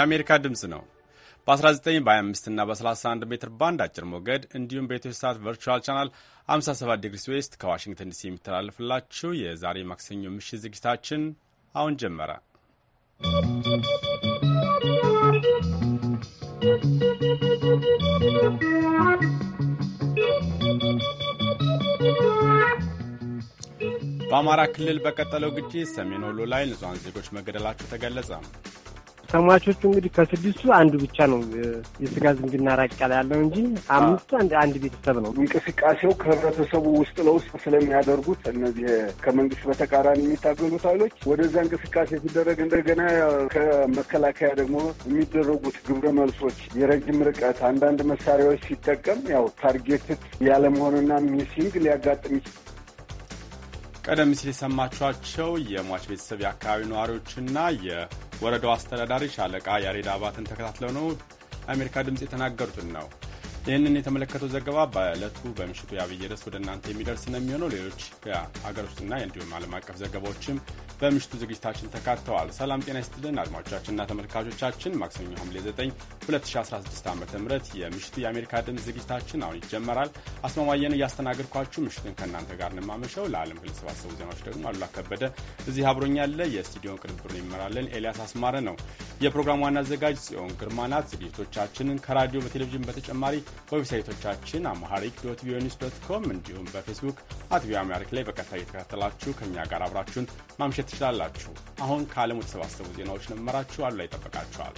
የአሜሪካ ድምፅ ነው። በ19 በ25 እና በ31 ሜትር ባንድ አጭር ሞገድ እንዲሁም በኢትዮ ሳት ቨርቹዋል ቻናል 57 ዲግሪ ስዌስት ከዋሽንግተን ዲሲ የሚተላለፍላችሁ የዛሬ ማክሰኞ ምሽት ዝግጅታችን አሁን ጀመረ። በአማራ ክልል በቀጠለው ግጭት ሰሜን ወሎ ላይ ንጹሐን ዜጎች መገደላቸው ተገለጸ። ከሟቾቹ እንግዲህ ከስድስቱ አንዱ ብቻ ነው የስጋ ዝምድና ራቅ ያለ ያለው እንጂ አምስቱ አንድ ቤተሰብ ነው። እንቅስቃሴው ከህብረተሰቡ ውስጥ ለውስጥ ስለሚያደርጉት እነዚህ ከመንግስት በተቃራኒ የሚታገሉት ኃይሎች ወደዛ እንቅስቃሴ ሲደረግ እንደገና ከመከላከያ ደግሞ የሚደረጉት ግብረ መልሶች፣ የረጅም ርቀት አንዳንድ መሳሪያዎች ሲጠቀም ያው ታርጌትት ያለመሆንና ሚሲንግ ሊያጋጥም ቀደም ሲል የሰማችኋቸው የሟች ቤተሰብ የአካባቢ ነዋሪዎችና የወረዳው አስተዳዳሪ ሻለቃ ያሬድ አባትን ተከታትለው ነው አሜሪካ ድምፅ የተናገሩትን ነው። ይህንን የተመለከተው ዘገባ በዕለቱ በምሽቱ የአብይ ርዕስ ወደ እናንተ የሚደርስ ነው የሚሆነው። ሌሎች የአገር ውስጥና እንዲሁም ዓለም አቀፍ ዘገባዎችም በምሽቱ ዝግጅታችን ተካተዋል። ሰላም ጤና ይስጥልን አድማጮቻችንና ተመልካቾቻችን ማክሰኞ ሐምሌ 9 2016 ዓ ም የምሽቱ የአሜሪካ ድምፅ ዝግጅታችን አሁን ይጀመራል። አስማማየን እያስተናገድኳችሁ ምሽትን ከእናንተ ጋር እንማመሸው። ለዓለም ከተሰባሰቡ ዜናዎች ደግሞ አሉላ ከበደ እዚህ አብሮኛለ። የስቱዲዮን ቅንብሩን ይመራለን ኤልያስ አስማረ ነው። የፕሮግራሙ ዋና አዘጋጅ ጽዮን ግርማ ናት። ዝግጅቶቻችንን ከራዲዮ በቴሌቪዥን በተጨማሪ ዌብሳይቶቻችን አማሐሪክ ዶት ቪኦኤ ኒውስ ዶት ኮም እንዲሁም በፌስቡክ አት ቪኦኤ አማሪክ ላይ በቀጥታ እየተከታተላችሁ ከእኛ ጋር አብራችሁን ማምሸት ትችላላችሁ። አሁን ከዓለም የተሰባሰቡ ዜናዎች ነመራችሁ አሉ ይጠበቃችኋል።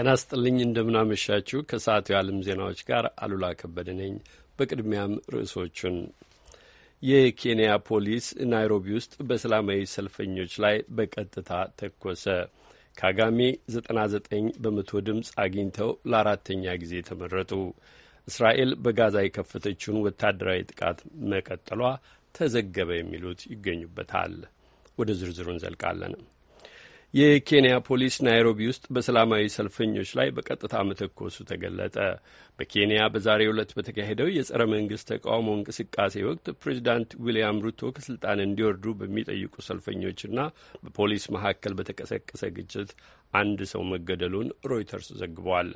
ጤና ስጥልኝ፣ እንደምናመሻችሁ። ከሰዓቱ የዓለም ዜናዎች ጋር አሉላ ከበደ ነኝ። በቅድሚያም ርዕሶቹን የኬንያ ፖሊስ ናይሮቢ ውስጥ በሰላማዊ ሰልፈኞች ላይ በቀጥታ ተኮሰ። ካጋሜ 99 በመቶ ድምፅ አግኝተው ለአራተኛ ጊዜ ተመረጡ። እስራኤል በጋዛ የከፈተችውን ወታደራዊ ጥቃት መቀጠሏ ተዘገበ የሚሉት ይገኙበታል። ወደ ዝርዝሩ እንዘልቃለን። የኬንያ ፖሊስ ናይሮቢ ውስጥ በሰላማዊ ሰልፈኞች ላይ በቀጥታ መተኮሱ ተገለጠ። በኬንያ በዛሬው ዕለት በተካሄደው የጸረ መንግስት ተቃውሞ እንቅስቃሴ ወቅት ፕሬዚዳንት ዊልያም ሩቶ ከስልጣን እንዲወርዱ በሚጠይቁ ሰልፈኞችና በፖሊስ መካከል በተቀሰቀሰ ግጭት አንድ ሰው መገደሉን ሮይተርስ ዘግቧል።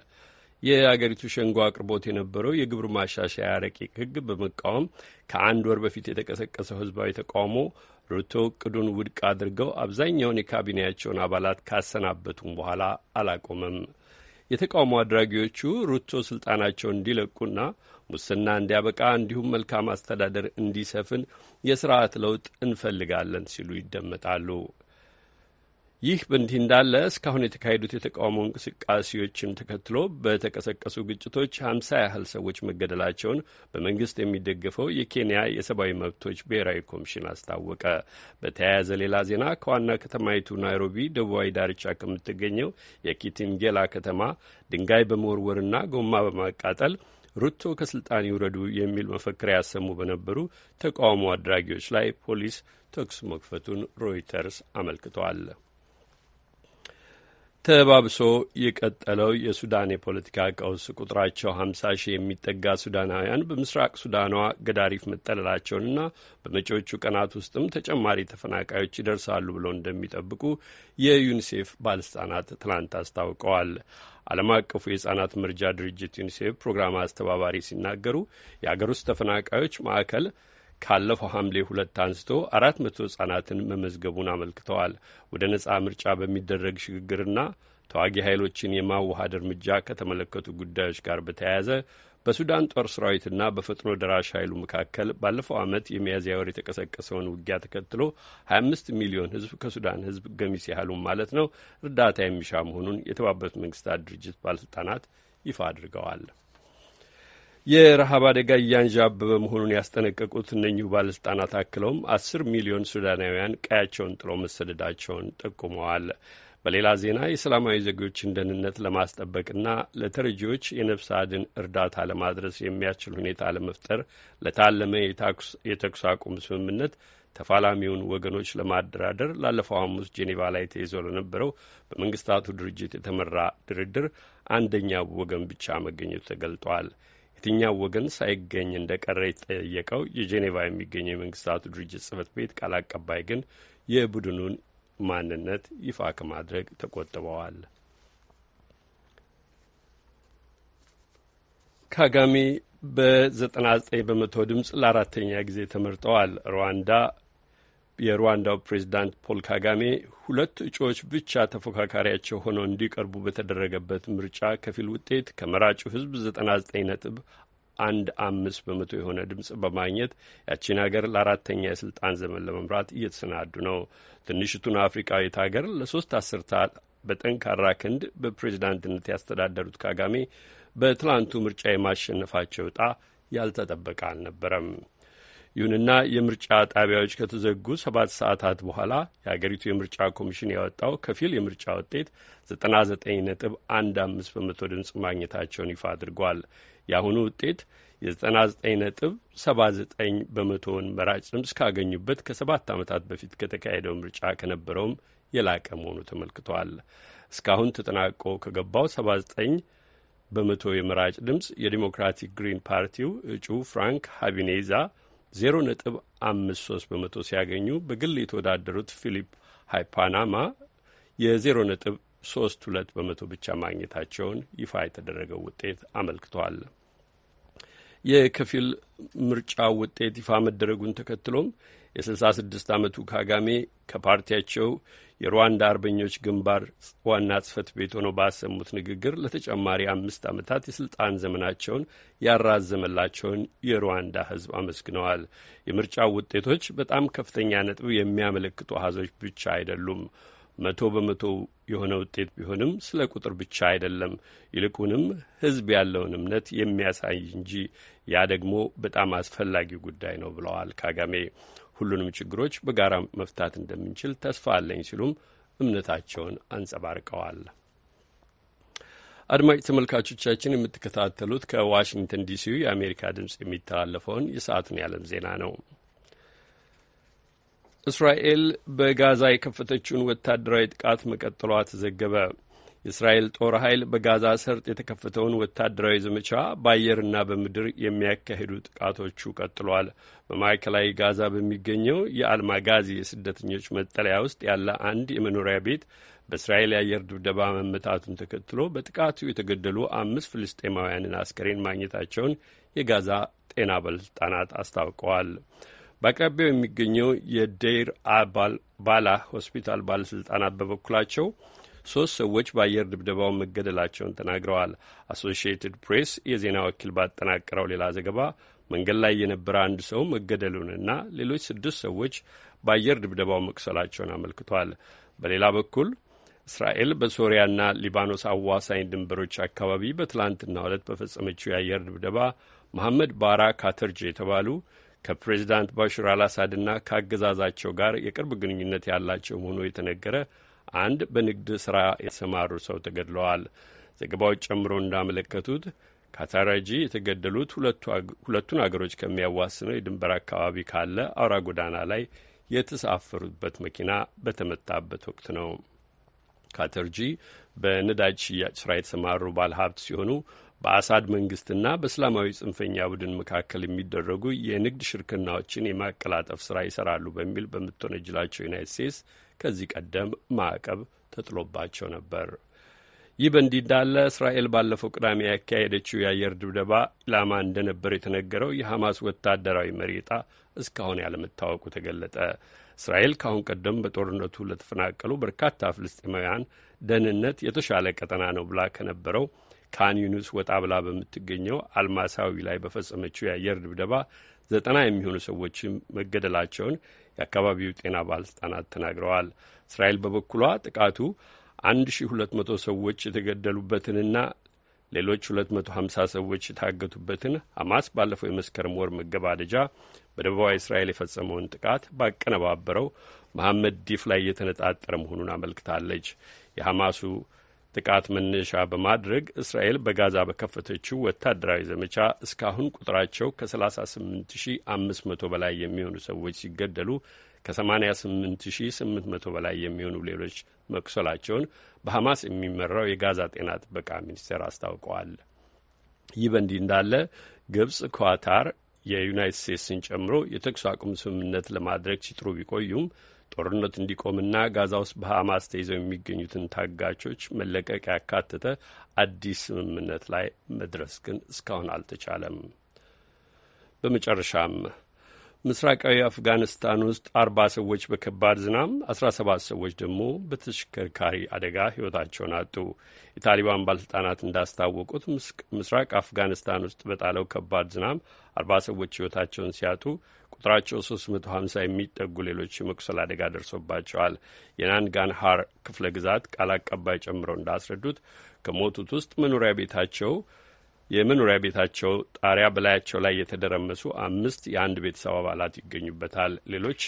የአገሪቱ ሸንጎ አቅርቦት የነበረው የግብር ማሻሻያ ረቂቅ ህግ በመቃወም ከአንድ ወር በፊት የተቀሰቀሰው ህዝባዊ ተቃውሞ ሩቶ እቅዱን ውድቅ አድርገው አብዛኛውን የካቢኔያቸውን አባላት ካሰናበቱም በኋላ አላቆመም። የተቃውሞ አድራጊዎቹ ሩቶ ስልጣናቸውን እንዲለቁና ሙስና እንዲያበቃ እንዲሁም መልካም አስተዳደር እንዲሰፍን የስርዓት ለውጥ እንፈልጋለን ሲሉ ይደመጣሉ። ይህ በእንዲህ እንዳለ እስካሁን የተካሄዱት የተቃውሞ እንቅስቃሴዎችን ተከትሎ በተቀሰቀሱ ግጭቶች ሀምሳ ያህል ሰዎች መገደላቸውን በመንግስት የሚደገፈው የኬንያ የሰብአዊ መብቶች ብሔራዊ ኮሚሽን አስታወቀ። በተያያዘ ሌላ ዜና ከዋና ከተማይቱ ናይሮቢ ደቡባዊ ዳርቻ ከምትገኘው የኪቲንጌላ ከተማ ድንጋይ በመወርወርና ጎማ በማቃጠል ሩቶ ከስልጣን ይውረዱ የሚል መፈክሪያ ያሰሙ በነበሩ ተቃውሞ አድራጊዎች ላይ ፖሊስ ተኩስ መክፈቱን ሮይተርስ አመልክቷል። ተባብሶ የቀጠለው የሱዳን የፖለቲካ ቀውስ ቁጥራቸው 50 ሺህ የሚጠጋ ሱዳናውያን በምስራቅ ሱዳኗ ገዳሪፍ መጠለላቸውንና በመጪዎቹ ቀናት ውስጥም ተጨማሪ ተፈናቃዮች ይደርሳሉ ብለው እንደሚጠብቁ የዩኒሴፍ ባለስልጣናት ትናንት አስታውቀዋል። ዓለም አቀፉ የሕፃናት መርጃ ድርጅት ዩኒሴፍ ፕሮግራም አስተባባሪ ሲናገሩ የአገር ውስጥ ተፈናቃዮች ማዕከል ካለፈው ሐምሌ ሁለት አንስቶ አራት መቶ ሕጻናትን መመዝገቡን አመልክተዋል። ወደ ነጻ ምርጫ በሚደረግ ሽግግርና ተዋጊ ኃይሎችን የማዋሃድ እርምጃ ከተመለከቱ ጉዳዮች ጋር በተያያዘ በሱዳን ጦር ሰራዊትና በፈጥኖ ደራሽ ኃይሉ መካከል ባለፈው ዓመት የሚያዝያ ወር የተቀሰቀሰውን ውጊያ ተከትሎ 25 ሚሊዮን ህዝብ ከሱዳን ህዝብ ገሚስ ያህሉም ማለት ነው እርዳታ የሚሻ መሆኑን የተባበሩት መንግስታት ድርጅት ባለሥልጣናት ይፋ አድርገዋል። የረሃብ አደጋ እያንዣበበ መሆኑን ያስጠነቀቁት እነኚሁ ባለሥልጣናት አክለውም አስር ሚሊዮን ሱዳናውያን ቀያቸውን ጥሎ መሰደዳቸውን ጠቁመዋል። በሌላ ዜና የሰላማዊ ዜጎችን ደህንነት ለማስጠበቅና ለተረጂዎች የነፍስ አድን እርዳታ ለማድረስ የሚያስችል ሁኔታ ለመፍጠር ለታለመ የተኩስ አቁም ስምምነት ተፋላሚውን ወገኖች ለማደራደር ላለፈው ሐሙስ ጄኔቫ ላይ ተይዞ ለነበረው በመንግስታቱ ድርጅት የተመራ ድርድር አንደኛው ወገን ብቻ መገኘቱ ተገልጧል። የትኛው ወገን ሳይገኝ እንደቀረ የተጠየቀው የጄኔቫ የሚገኘው የመንግስታቱ ድርጅት ጽህፈት ቤት ቃል አቀባይ ግን የቡድኑን ማንነት ይፋ ከማድረግ ተቆጥበዋል። ካጋሜ በ99 በመቶ ድምፅ ለአራተኛ ጊዜ ተመርጠዋል። ሩዋንዳ የሩዋንዳው ፕሬዚዳንት ፖል ካጋሜ ሁለት እጩዎች ብቻ ተፎካካሪያቸው ሆነው እንዲቀርቡ በተደረገበት ምርጫ ከፊል ውጤት ከመራጩ ሕዝብ 99 ነጥብ አንድ አምስት በመቶ የሆነ ድምፅ በማግኘት ያቺን ሀገር ለአራተኛ የስልጣን ዘመን ለመምራት እየተሰናዱ ነው። ትንሽቱን አፍሪካዊት ሀገር ለሶስት አስርታት በጠንካራ ክንድ በፕሬዚዳንትነት ያስተዳደሩት ካጋሜ በትላንቱ ምርጫ የማሸነፋቸው እጣ ያልተጠበቀ አልነበረም። ይሁንና የምርጫ ጣቢያዎች ከተዘጉ ሰባት ሰዓታት በኋላ የአገሪቱ የምርጫ ኮሚሽን ያወጣው ከፊል የምርጫ ውጤት ዘጠኝ ነጥብ አምስት በመቶ ድምፅ ማግኘታቸውን ይፋ አድርጓል። የአሁኑ ውጤት የ99 ነጥብ 79 በመቶውን መራጭ ድምፅ ካገኙበት ከሰባት ዓመታት በፊት ከተካሄደው ምርጫ ከነበረውም የላቀ መሆኑ ተመልክቷል። እስካሁን ተጠናቆ ከገባው 79 በመቶ የመራጭ ድምፅ የዲሞክራቲክ ግሪን ፓርቲው እጩ ፍራንክ ሀቢኔዛ ዜሮ ነጥብ አምስት ሶስት በመቶ ሲያገኙ በግል የተወዳደሩት ፊሊፕ ሃይፓናማ የዜሮ ነጥብ ሶስት ሁለት በመቶ ብቻ ማግኘታቸውን ይፋ የተደረገው ውጤት አመልክቷል። የከፊል ምርጫ ውጤት ይፋ መደረጉን ተከትሎም የ66 ዓመቱ ካጋሜ ከፓርቲያቸው የሩዋንዳ አርበኞች ግንባር ዋና ጽህፈት ቤት ሆነው ባሰሙት ንግግር ለተጨማሪ አምስት ዓመታት የስልጣን ዘመናቸውን ያራዘመላቸውን የሩዋንዳ ህዝብ አመስግነዋል። የምርጫው ውጤቶች በጣም ከፍተኛ ነጥብ የሚያመለክቱ አሃዞች ብቻ አይደሉም። መቶ በመቶ የሆነ ውጤት ቢሆንም ስለ ቁጥር ብቻ አይደለም፣ ይልቁንም ህዝብ ያለውን እምነት የሚያሳይ እንጂ ያ ደግሞ በጣም አስፈላጊ ጉዳይ ነው ብለዋል ካጋሜ ሁሉንም ችግሮች በጋራ መፍታት እንደምንችል ተስፋ አለኝ ሲሉም እምነታቸውን አንጸባርቀዋል። አድማጭ ተመልካቾቻችን የምትከታተሉት ከዋሽንግተን ዲሲ የአሜሪካ ድምፅ የሚተላለፈውን የሰዓቱን የዓለም ዜና ነው። እስራኤል በጋዛ የከፈተችውን ወታደራዊ ጥቃት መቀጠሏ ተዘገበ። የእስራኤል ጦር ኃይል በጋዛ ሰርጥ የተከፈተውን ወታደራዊ ዘመቻ በአየርና በምድር የሚያካሂዱ ጥቃቶቹ ቀጥሏል። በማዕከላዊ ጋዛ በሚገኘው የአልማጋዚ የስደተኞች መጠለያ ውስጥ ያለ አንድ የመኖሪያ ቤት በእስራኤል የአየር ድብደባ መመታቱን ተከትሎ በጥቃቱ የተገደሉ አምስት ፍልስጤማውያንን አስከሬን ማግኘታቸውን የጋዛ ጤና ባለስልጣናት አስታውቀዋል። በአቅራቢያው የሚገኘው የዴይር ባላ ሆስፒታል ባለስልጣናት በበኩላቸው ሶስት ሰዎች በአየር ድብደባው መገደላቸውን ተናግረዋል። አሶሺየትድ ፕሬስ የዜና ወኪል ባጠናቀረው ሌላ ዘገባ መንገድ ላይ የነበረ አንድ ሰው መገደሉንና ሌሎች ስድስት ሰዎች በአየር ድብደባው መቁሰላቸውን አመልክቷል። በሌላ በኩል እስራኤል በሶሪያና ሊባኖስ አዋሳኝ ድንበሮች አካባቢ በትላንትና ዕለት በፈጸመችው የአየር ድብደባ መሐመድ ባራ ካተርጅ የተባሉ ከፕሬዚዳንት ባሽር አልአሳድና ከአገዛዛቸው ጋር የቅርብ ግንኙነት ያላቸው መሆኑ የተነገረ አንድ በንግድ ሥራ የተሰማሩ ሰው ተገድለዋል። ዘገባዎች ጨምሮ እንዳመለከቱት ካታራጂ የተገደሉት ሁለቱን አገሮች ከሚያዋስነው የድንበር አካባቢ ካለ አውራ ጎዳና ላይ የተሳፈሩበት መኪና በተመታበት ወቅት ነው። ካተርጂ በነዳጅ ሽያጭ ስራ የተሰማሩ ባለሀብት ሲሆኑ በአሳድ መንግስትና በእስላማዊ ጽንፈኛ ቡድን መካከል የሚደረጉ የንግድ ሽርክናዎችን የማቀላጠፍ ስራ ይሰራሉ በሚል በምትወነጅላቸው ዩናይት ስቴትስ ከዚህ ቀደም ማዕቀብ ተጥሎባቸው ነበር። ይህ በእንዲህ እንዳለ እስራኤል ባለፈው ቅዳሜ ያካሄደችው የአየር ድብደባ ኢላማ እንደነበር የተነገረው የሐማስ ወታደራዊ መሪ ዕጣ እስካሁን ያለመታወቁ ተገለጠ። እስራኤል ከአሁን ቀደም በጦርነቱ ለተፈናቀሉ በርካታ ፍልስጤማውያን ደህንነት የተሻለ ቀጠና ነው ብላ ከነበረው ካን ዩኒስ ወጣ ብላ በምትገኘው አልማሳዊ ላይ በፈጸመችው የአየር ድብደባ ዘጠና የሚሆኑ ሰዎችም መገደላቸውን የአካባቢው ጤና ባለስልጣናት ተናግረዋል። እስራኤል በበኩሏ ጥቃቱ 1200 ሰዎች የተገደሉበትንና ሌሎች 250 ሰዎች የታገቱበትን ሐማስ ባለፈው የመስከረም ወር መገባደጃ በደቡባዊ እስራኤል የፈጸመውን ጥቃት ባቀነባበረው መሐመድ ዲፍ ላይ የተነጣጠረ መሆኑን አመልክታለች። የሐማሱ ጥቃት መነሻ በማድረግ እስራኤል በጋዛ በከፈተችው ወታደራዊ ዘመቻ እስካሁን ቁጥራቸው ከ38500 በላይ የሚሆኑ ሰዎች ሲገደሉ ከ88800 በላይ የሚሆኑ ሌሎች መቁሰላቸውን በሐማስ የሚመራው የጋዛ ጤና ጥበቃ ሚኒስቴር አስታውቀዋል። ይህ በእንዲህ እንዳለ ግብጽ፣ ኳታር የዩናይትድ ስቴትስን ጨምሮ የተኩስ አቁም ስምምነት ለማድረግ ሲጥሩ ቢቆዩም ጦርነት እንዲቆምና ጋዛ ውስጥ በሐማስ ተይዘው የሚገኙትን ታጋቾች መለቀቅ ያካተተ አዲስ ስምምነት ላይ መድረስ ግን እስካሁን አልተቻለም። በመጨረሻም ምስራቃዊ አፍጋኒስታን ውስጥ አርባ ሰዎች በከባድ ዝናብ፣ አስራ ሰባት ሰዎች ደግሞ በተሽከርካሪ አደጋ ሕይወታቸውን አጡ። የታሊባን ባለሥልጣናት እንዳስታወቁት ምስራቅ አፍጋኒስታን ውስጥ በጣለው ከባድ ዝናብ አርባ ሰዎች ሕይወታቸውን ሲያጡ ቁጥራቸው 350 የሚጠጉ ሌሎች የመቁሰል አደጋ ደርሶባቸዋል። የናንጋንሃር ክፍለ ግዛት ቃል አቀባይ ጨምረው እንዳስረዱት ከሞቱት ውስጥ መኖሪያ ቤታቸው የመኖሪያ ቤታቸው ጣሪያ በላያቸው ላይ የተደረመሱ አምስት የአንድ ቤተሰብ አባላት ይገኙበታል። ሌሎች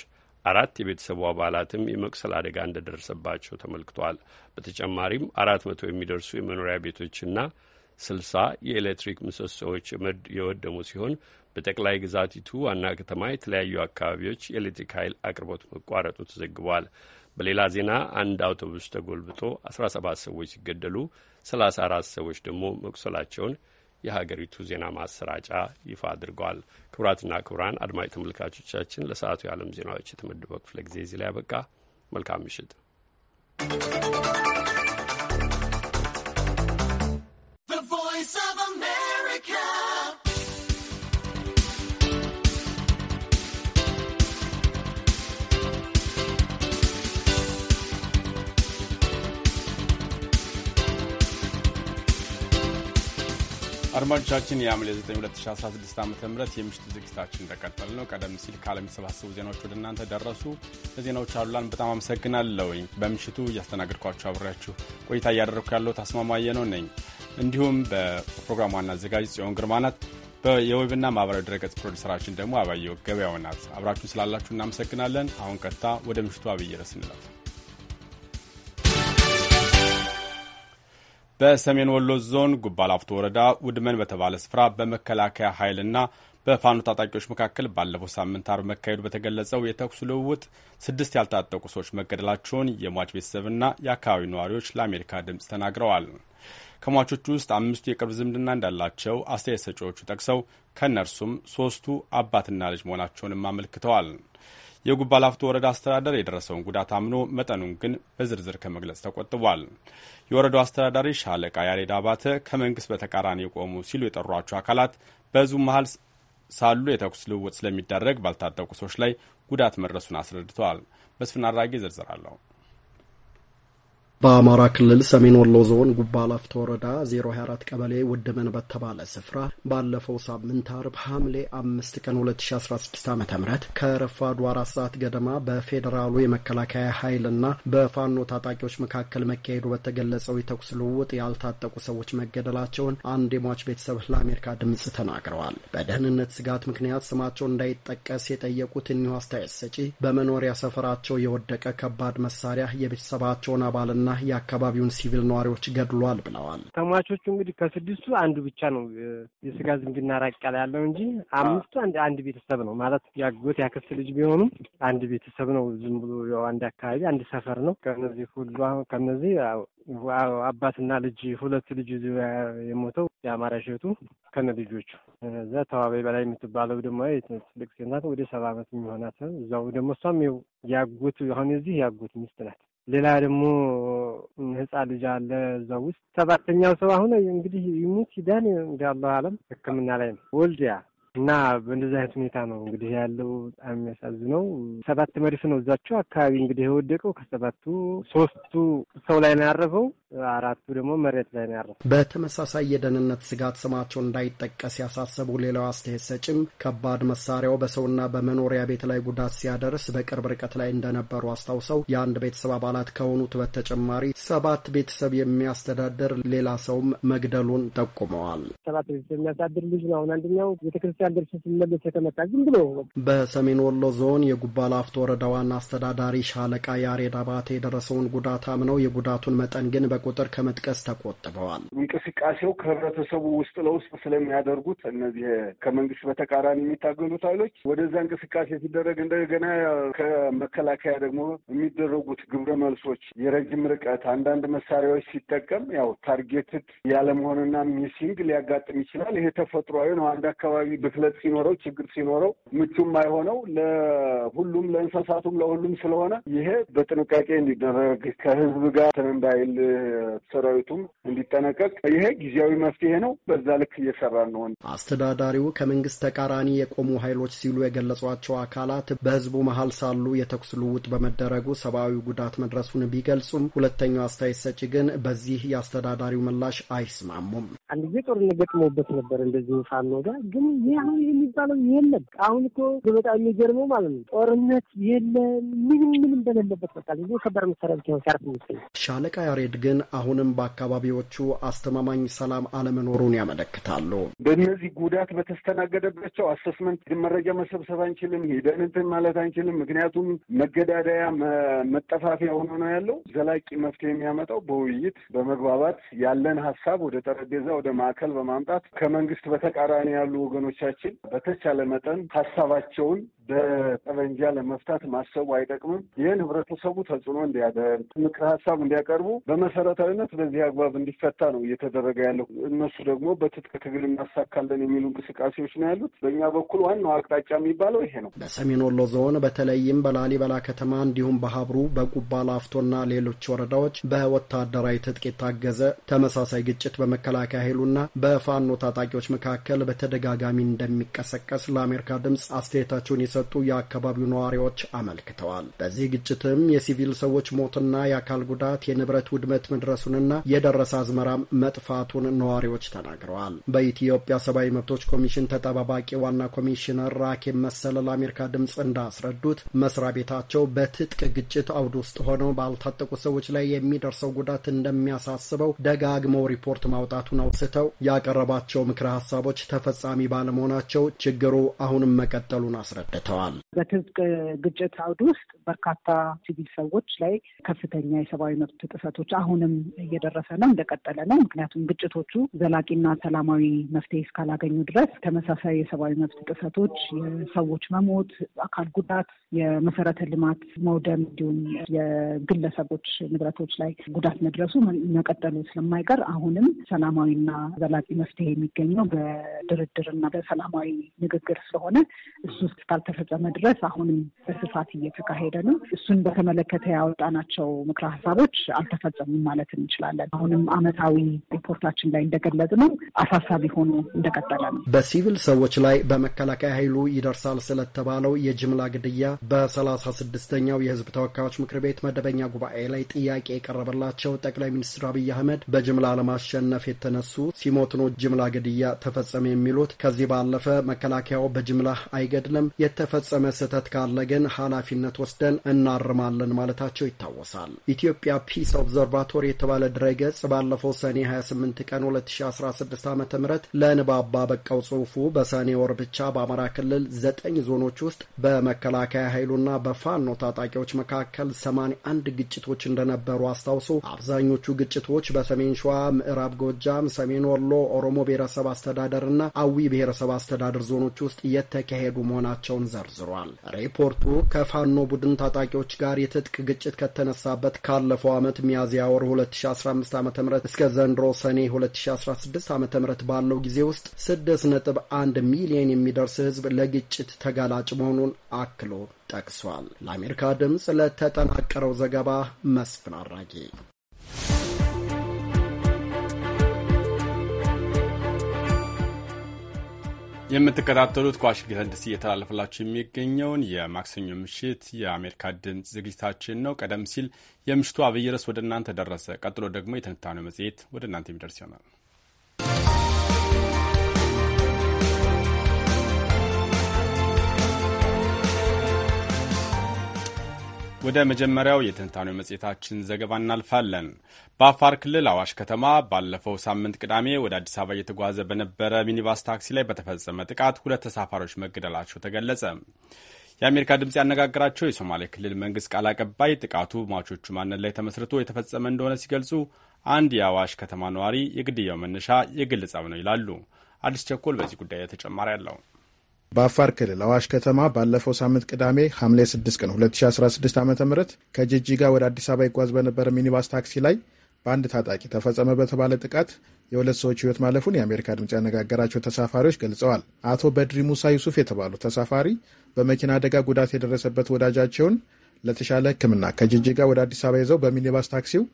አራት የቤተሰቡ አባላትም የመቁሰል አደጋ እንደደረሰባቸው ተመልክቷል። በተጨማሪም አራት መቶ የሚደርሱ የመኖሪያ ቤቶችና ስልሳ የኤሌክትሪክ ምሰሶዎች የወደሙ ሲሆን በጠቅላይ ግዛቲቱ ዋና ከተማ የተለያዩ አካባቢዎች የኤሌክትሪክ ኃይል አቅርቦት መቋረጡ ተዘግቧል። በሌላ ዜና አንድ አውቶቡስ ተጎልብጦ 17 ሰዎች ሲገደሉ 34 ሰዎች ደግሞ መቁሰላቸውን የሀገሪቱ ዜና ማሰራጫ ይፋ አድርጓል። ክቡራትና ክቡራን አድማጭ ተመልካቾቻችን ለሰዓቱ የዓለም ዜናዎች የተመደበው ክፍለ ጊዜ እዚህ ላይ ያበቃ። መልካም ምሽት። አድማጮቻችን የአምል 9 2016 ዓ ም የምሽት ዝግጅታችን እንደቀጠለ ነው። ቀደም ሲል ከዓለም የተሰባሰቡ ዜናዎች ወደ እናንተ ደረሱ። ለዜናዎች አሉላን በጣም አመሰግናለሁኝ። በምሽቱ እያስተናገድኳችሁ አብሬያችሁ ቆይታ እያደረግኩ ያለው ታስማማየ ነው ነኝ። እንዲሁም በፕሮግራም ዋና አዘጋጅ ጽዮን ግርማ ናት። የዌብና ማህበራዊ ድረገጽ ፕሮዲሰራችን ደግሞ አባየው ገበያው ናት። አብራችሁ ስላላችሁ እናመሰግናለን። አሁን ቀጥታ ወደ ምሽቱ አብይ ርዕስ በሰሜን ወሎ ዞን ጉባላፍቶ ወረዳ ውድመን በተባለ ስፍራ በመከላከያ ኃይልና በፋኖ ታጣቂዎች መካከል ባለፈው ሳምንት አርብ መካሄዱ በተገለጸው የተኩስ ልውውጥ ስድስት ያልታጠቁ ሰዎች መገደላቸውን የሟች ቤተሰብና የአካባቢው ነዋሪዎች ለአሜሪካ ድምፅ ተናግረዋል። ከሟቾቹ ውስጥ አምስቱ የቅርብ ዝምድና እንዳላቸው አስተያየት ሰጪዎቹ ጠቅሰው ከእነርሱም ሶስቱ አባትና ልጅ መሆናቸውንም አመልክተዋል። የጉባላፍቶ ወረዳ አስተዳደር የደረሰውን ጉዳት አምኖ መጠኑን ግን በዝርዝር ከመግለጽ ተቆጥቧል። የወረዳው አስተዳዳሪ ሻለቃ ያሬድ አባተ ከመንግስት በተቃራኒ የቆሙ ሲሉ የጠሯቸው አካላት በዙ መሀል ሳሉ የተኩስ ልውውጥ ስለሚደረግ ባልታጠቁ ሰዎች ላይ ጉዳት መድረሱን አስረድተዋል። መስፍን አራጌ ዝርዝር አለው። በአማራ ክልል ሰሜን ወሎ ዞን ጉባ ላፍቶ ወረዳ 024 ቀበሌ ውድመን በተባለ ስፍራ ባለፈው ሳምንት አርብ ሐምሌ አምስት ቀን 2016 ዓ ም ከረፋዱ አራት ሰዓት ገደማ በፌዴራሉ የመከላከያ ኃይልና በፋኖ ታጣቂዎች መካከል መካሄዱ በተገለጸው የተኩስ ልውውጥ ያልታጠቁ ሰዎች መገደላቸውን አንድ የሟች ቤተሰብ ለአሜሪካ ድምፅ ተናግረዋል። በደህንነት ስጋት ምክንያት ስማቸው እንዳይጠቀስ የጠየቁት እኒሁ አስተያየት ሰጪ በመኖሪያ ሰፈራቸው የወደቀ ከባድ መሳሪያ የቤተሰባቸውን አባልና ፖሊስና የአካባቢውን ሲቪል ነዋሪዎች ገድሏል ብለዋል። ተሟቾቹ እንግዲህ ከስድስቱ አንዱ ብቻ ነው የስጋ ዝምድና ራቅ ያለ ያለው እንጂ አምስቱ አንድ ቤተሰብ ነው ማለት ያጎት ያክስት ልጅ ቢሆኑም አንድ ቤተሰብ ነው። ዝም ብሎ አንድ አካባቢ አንድ ሰፈር ነው። ከነዚህ ሁሉ ከነዚህ አባትና ልጅ ሁለት ልጅ የሞተው የአማራ ሸቱ ከነ ልጆቹ እዛ ተባባይ በላይ የምትባለው ደግሞ ትልቅ ሴት ናት። ወደ ሰባ ዓመት የሚሆናት እዛው ደግሞ እሷም ያጎት አሁን የዚህ ያጎት ሚስት ናት። ሌላ ደግሞ ህፃን ልጅ አለ እዛ ውስጥ። ሰባተኛው ሰው አሁን እንግዲህ ይሙት ይዳን እንደ አላህ አለም ህክምና ላይ ነው። ወልዲያ እና በእንደዚህ አይነት ሁኔታ ነው እንግዲህ ያለው። በጣም የሚያሳዝነው ሰባት መድፍ ነው እዛቸው አካባቢ እንግዲህ የወደቀው። ከሰባቱ ሶስቱ ሰው ላይ ነው ያረፈው፣ አራቱ ደግሞ መሬት ላይ ነው ያረፈው። በተመሳሳይ የደህንነት ስጋት ስማቸው እንዳይጠቀስ ያሳሰቡ ሌላው አስተያየት ሰጭም ከባድ መሳሪያው በሰውና በመኖሪያ ቤት ላይ ጉዳት ሲያደርስ በቅርብ ርቀት ላይ እንደነበሩ አስታውሰው የአንድ ቤተሰብ አባላት ከሆኑት በተጨማሪ ሰባት ቤተሰብ የሚያስተዳድር ሌላ ሰውም መግደሉን ጠቁመዋል። ሰባት ቤተሰብ የሚያስተዳድር ልጅ ነው አሁን አንደኛው ቤተክርስቲያን አገር ስትመለስ የተመታ ዝም ብሎ በሰሜን ወሎ ዞን የጉባ ላፍቶ ወረዳ ዋና አስተዳዳሪ ሻለቃ ያሬድ አባተ የደረሰውን ጉዳት አምነው የጉዳቱን መጠን ግን በቁጥር ከመጥቀስ ተቆጥበዋል። እንቅስቃሴው ከህብረተሰቡ ውስጥ ለውስጥ ስለሚያደርጉት እነዚህ ከመንግስት በተቃራኒ የሚታገሉት ኃይሎች ወደዛ እንቅስቃሴ ሲደረግ እንደገና ከመከላከያ ደግሞ የሚደረጉት ግብረ መልሶች፣ የረጅም ርቀት አንዳንድ መሳሪያዎች ሲጠቀም ያው ታርጌትድ ያለመሆንና ሚሲንግ ሊያጋጥም ይችላል። ይሄ ተፈጥሯዊ ነው። አንድ አካባቢ ብክለት ሲኖረው ችግር ሲኖረው ምቹም አይሆነው ለሁሉም ለእንስሳቱም ለሁሉም ስለሆነ ይሄ በጥንቃቄ እንዲደረግ ከህዝብ ጋር እንዳይል ሰራዊቱም እንዲጠነቀቅ ይሄ ጊዜያዊ መፍትሄ ነው። በዛ ልክ እየሰራ ነው። አስተዳዳሪው ከመንግስት ተቃራኒ የቆሙ ኃይሎች ሲሉ የገለጿቸው አካላት በህዝቡ መሀል ሳሉ የተኩስ ልውውጥ በመደረጉ ሰብአዊ ጉዳት መድረሱን ቢገልጹም ሁለተኛው አስተያየት ሰጪ ግን በዚህ የአስተዳዳሪው ምላሽ አይስማሙም። አንድ ጊዜ ጦርነት ገጥሞበት ነበር እንደዚህ ፋኖ ጋር ግን ይህ አሁን የሚባለው የለም። አሁን እኮ በጣም የሚገርመው ማለት ነው ጦርነት የለም ምንም ምንም በሌለበት በቃ ከባድ መሳሪያ ብቻ ሲያርፍ የሚገኝ ሻለቃ ያሬድ ግን አሁንም በአካባቢዎቹ አስተማማኝ ሰላም አለመኖሩን ያመለክታሉ። በእነዚህ ጉዳት በተስተናገደባቸው አሰስመንት መረጃ መሰብሰብ አንችልም፣ ሄደን እንትን ማለት አንችልም። ምክንያቱም መገዳደያ መጠፋፊያ ሆኖ ነው ያለው። ዘላቂ መፍትሄ የሚያመጣው በውይይት በመግባባት ያለን ሀሳብ ወደ ጠረጴዛ ወደ ማዕከል በማምጣት ከመንግስት በተቃራኒ ያሉ ወገኖቻ ህዝባችን በተቻለ መጠን ሀሳባቸውን በጠመንጃ ለመፍታት ማሰቡ አይጠቅምም። ይህን ህብረተሰቡ ተጽዕኖ እንዲያደርግ ምክር ሀሳብ እንዲያቀርቡ በመሰረታዊነት በዚህ አግባብ እንዲፈታ ነው እየተደረገ ያለው። እነሱ ደግሞ በትጥቅ ትግል እናሳካለን የሚሉ እንቅስቃሴዎች ነው ያሉት። በእኛ በኩል ዋናው አቅጣጫ የሚባለው ይሄ ነው። በሰሜን ወሎ ዞን በተለይም በላሊበላ ከተማ እንዲሁም በሀብሩ በጉባ ላፍቶና ሌሎች ወረዳዎች በወታደራዊ ትጥቅ የታገዘ ተመሳሳይ ግጭት በመከላከያ ኃይሉና በፋኖ ታጣቂዎች መካከል በተደጋጋሚ እንደሚቀሰቀስ ለአሜሪካ ድምጽ አስተያየታቸውን እንደሰጡ የአካባቢው ነዋሪዎች አመልክተዋል። በዚህ ግጭትም የሲቪል ሰዎች ሞትና የአካል ጉዳት የንብረት ውድመት መድረሱንና የደረሰ አዝመራም መጥፋቱን ነዋሪዎች ተናግረዋል። በኢትዮጵያ ሰብአዊ መብቶች ኮሚሽን ተጠባባቂ ዋና ኮሚሽነር ራኬ መሰለ ለአሜሪካ ድምፅ እንዳስረዱት መስሪያ ቤታቸው በትጥቅ ግጭት አውድ ውስጥ ሆነው ባልታጠቁ ሰዎች ላይ የሚደርሰው ጉዳት እንደሚያሳስበው ደጋግመው ሪፖርት ማውጣቱን አውስተው ያቀረባቸው ምክረ ሀሳቦች ተፈጻሚ ባለመሆናቸው ችግሩ አሁንም መቀጠሉን አስረድተዋል። አስረድተዋል። በትጥቅ ግጭት አውድ ውስጥ በርካታ ሲቪል ሰዎች ላይ ከፍተኛ የሰብአዊ መብት ጥሰቶች አሁንም እየደረሰ ነው፣ እንደቀጠለ ነው። ምክንያቱም ግጭቶቹ ዘላቂና ሰላማዊ መፍትሄ እስካላገኙ ድረስ ተመሳሳይ የሰብአዊ መብት ጥሰቶች፣ የሰዎች መሞት፣ አካል ጉዳት፣ የመሰረተ ልማት መውደም እንዲሁም የግለሰቦች ንብረቶች ላይ ጉዳት መድረሱ መቀጠሉ ስለማይቀር አሁንም ሰላማዊና ዘላቂ መፍትሄ የሚገኘው በድርድርና በሰላማዊ ንግግር ስለሆነ እሱ እስካልተ እስከተፈጸመ ድረስ አሁንም በስፋት እየተካሄደ ነው። እሱን በተመለከተ ያወጣናቸው ምክረ ሀሳቦች አልተፈጸሙም ማለት እንችላለን። አሁንም አመታዊ ሪፖርታችን ላይ እንደገለጽ ነው አሳሳቢ ሆኖ እንደቀጠለ ነው። በሲቪል ሰዎች ላይ በመከላከያ ኃይሉ ይደርሳል ስለተባለው የጅምላ ግድያ በሰላሳ ስድስተኛው የህዝብ ተወካዮች ምክር ቤት መደበኛ ጉባኤ ላይ ጥያቄ የቀረበላቸው ጠቅላይ ሚኒስትር አብይ አህመድ በጅምላ ለማሸነፍ የተነሱ ሲሞትኖ ጅምላ ግድያ ተፈጸመ የሚሉት ከዚህ ባለፈ መከላከያው በጅምላ አይገድልም የተ የተፈጸመ ስህተት ካለ ግን ኃላፊነት ወስደን እናርማለን ማለታቸው ይታወሳል። ኢትዮጵያ ፒስ ኦብዘርቫቶሪ የተባለ ድረገጽ ባለፈው ሰኔ 28 ቀን 2016 ዓ ም ለንባብ ባበቃው ጽሑፉ በሰኔ ወር ብቻ በአማራ ክልል ዘጠኝ ዞኖች ውስጥ በመከላከያ ኃይሉና በፋኖ ታጣቂዎች መካከል 81 ግጭቶች እንደነበሩ አስታውሶ አብዛኞቹ ግጭቶች በሰሜን ሸዋ፣ ምዕራብ ጎጃም፣ ሰሜን ወሎ፣ ኦሮሞ ብሔረሰብ አስተዳደርና አዊ ብሔረሰብ አስተዳደር ዞኖች ውስጥ የተካሄዱ መሆናቸውን ዘርዝሯል። ሪፖርቱ ከፋኖ ቡድን ታጣቂዎች ጋር የትጥቅ ግጭት ከተነሳበት ካለፈው ዓመት ሚያዝያ ወር 2015 ዓ ም እስከ ዘንድሮ ሰኔ 2016 ዓ ም ባለው ጊዜ ውስጥ 6.1 ሚሊዮን የሚደርስ ሕዝብ ለግጭት ተጋላጭ መሆኑን አክሎ ጠቅሷል። ለአሜሪካ ድምፅ ለተጠናቀረው ዘገባ መስፍን አራጌ የምትከታተሉት ከዋሽንግተን ዲሲ እየተላለፈላችሁ የሚገኘውን የማክሰኞ ምሽት የአሜሪካ ድምፅ ዝግጅታችን ነው። ቀደም ሲል የምሽቱ አብይ ርዕስ ወደ እናንተ ደረሰ። ቀጥሎ ደግሞ የትንታኔው መጽሔት ወደ እናንተ የሚደርስ ይሆናል። ወደ መጀመሪያው የትንታኔው መጽሔታችን ዘገባ እናልፋለን። በአፋር ክልል አዋሽ ከተማ ባለፈው ሳምንት ቅዳሜ ወደ አዲስ አበባ እየተጓዘ በነበረ ሚኒባስ ታክሲ ላይ በተፈጸመ ጥቃት ሁለት ተሳፋሪዎች መገደላቸው ተገለጸ። የአሜሪካ ድምፅ ያነጋገራቸው የሶማሌ ክልል መንግስት ቃል አቀባይ ጥቃቱ ሟቾቹ ማንነት ላይ ተመስርቶ የተፈጸመ እንደሆነ ሲገልጹ፣ አንድ የአዋሽ ከተማ ነዋሪ የግድያው መነሻ የግል ጸብ ነው ይላሉ። አዲስ ቸኮል በዚህ ጉዳይ ተጨማሪ አለው። በአፋር ክልል አዋሽ ከተማ ባለፈው ሳምንት ቅዳሜ ሐምሌ 6 ቀን 2016 ዓ ም ከጅጅጋ ወደ አዲስ አበባ ይጓዝ በነበረ ሚኒባስ ታክሲ ላይ በአንድ ታጣቂ ተፈጸመ በተባለ ጥቃት የሁለት ሰዎች ህይወት ማለፉን የአሜሪካ ድምፅ ያነጋገራቸው ተሳፋሪዎች ገልጸዋል። አቶ በድሪ ሙሳ ዩሱፍ የተባሉ ተሳፋሪ በመኪና አደጋ ጉዳት የደረሰበት ወዳጃቸውን ለተሻለ ሕክምና ከጅጅጋ ወደ አዲስ አበባ ይዘው በሚኒባስ ታክሲው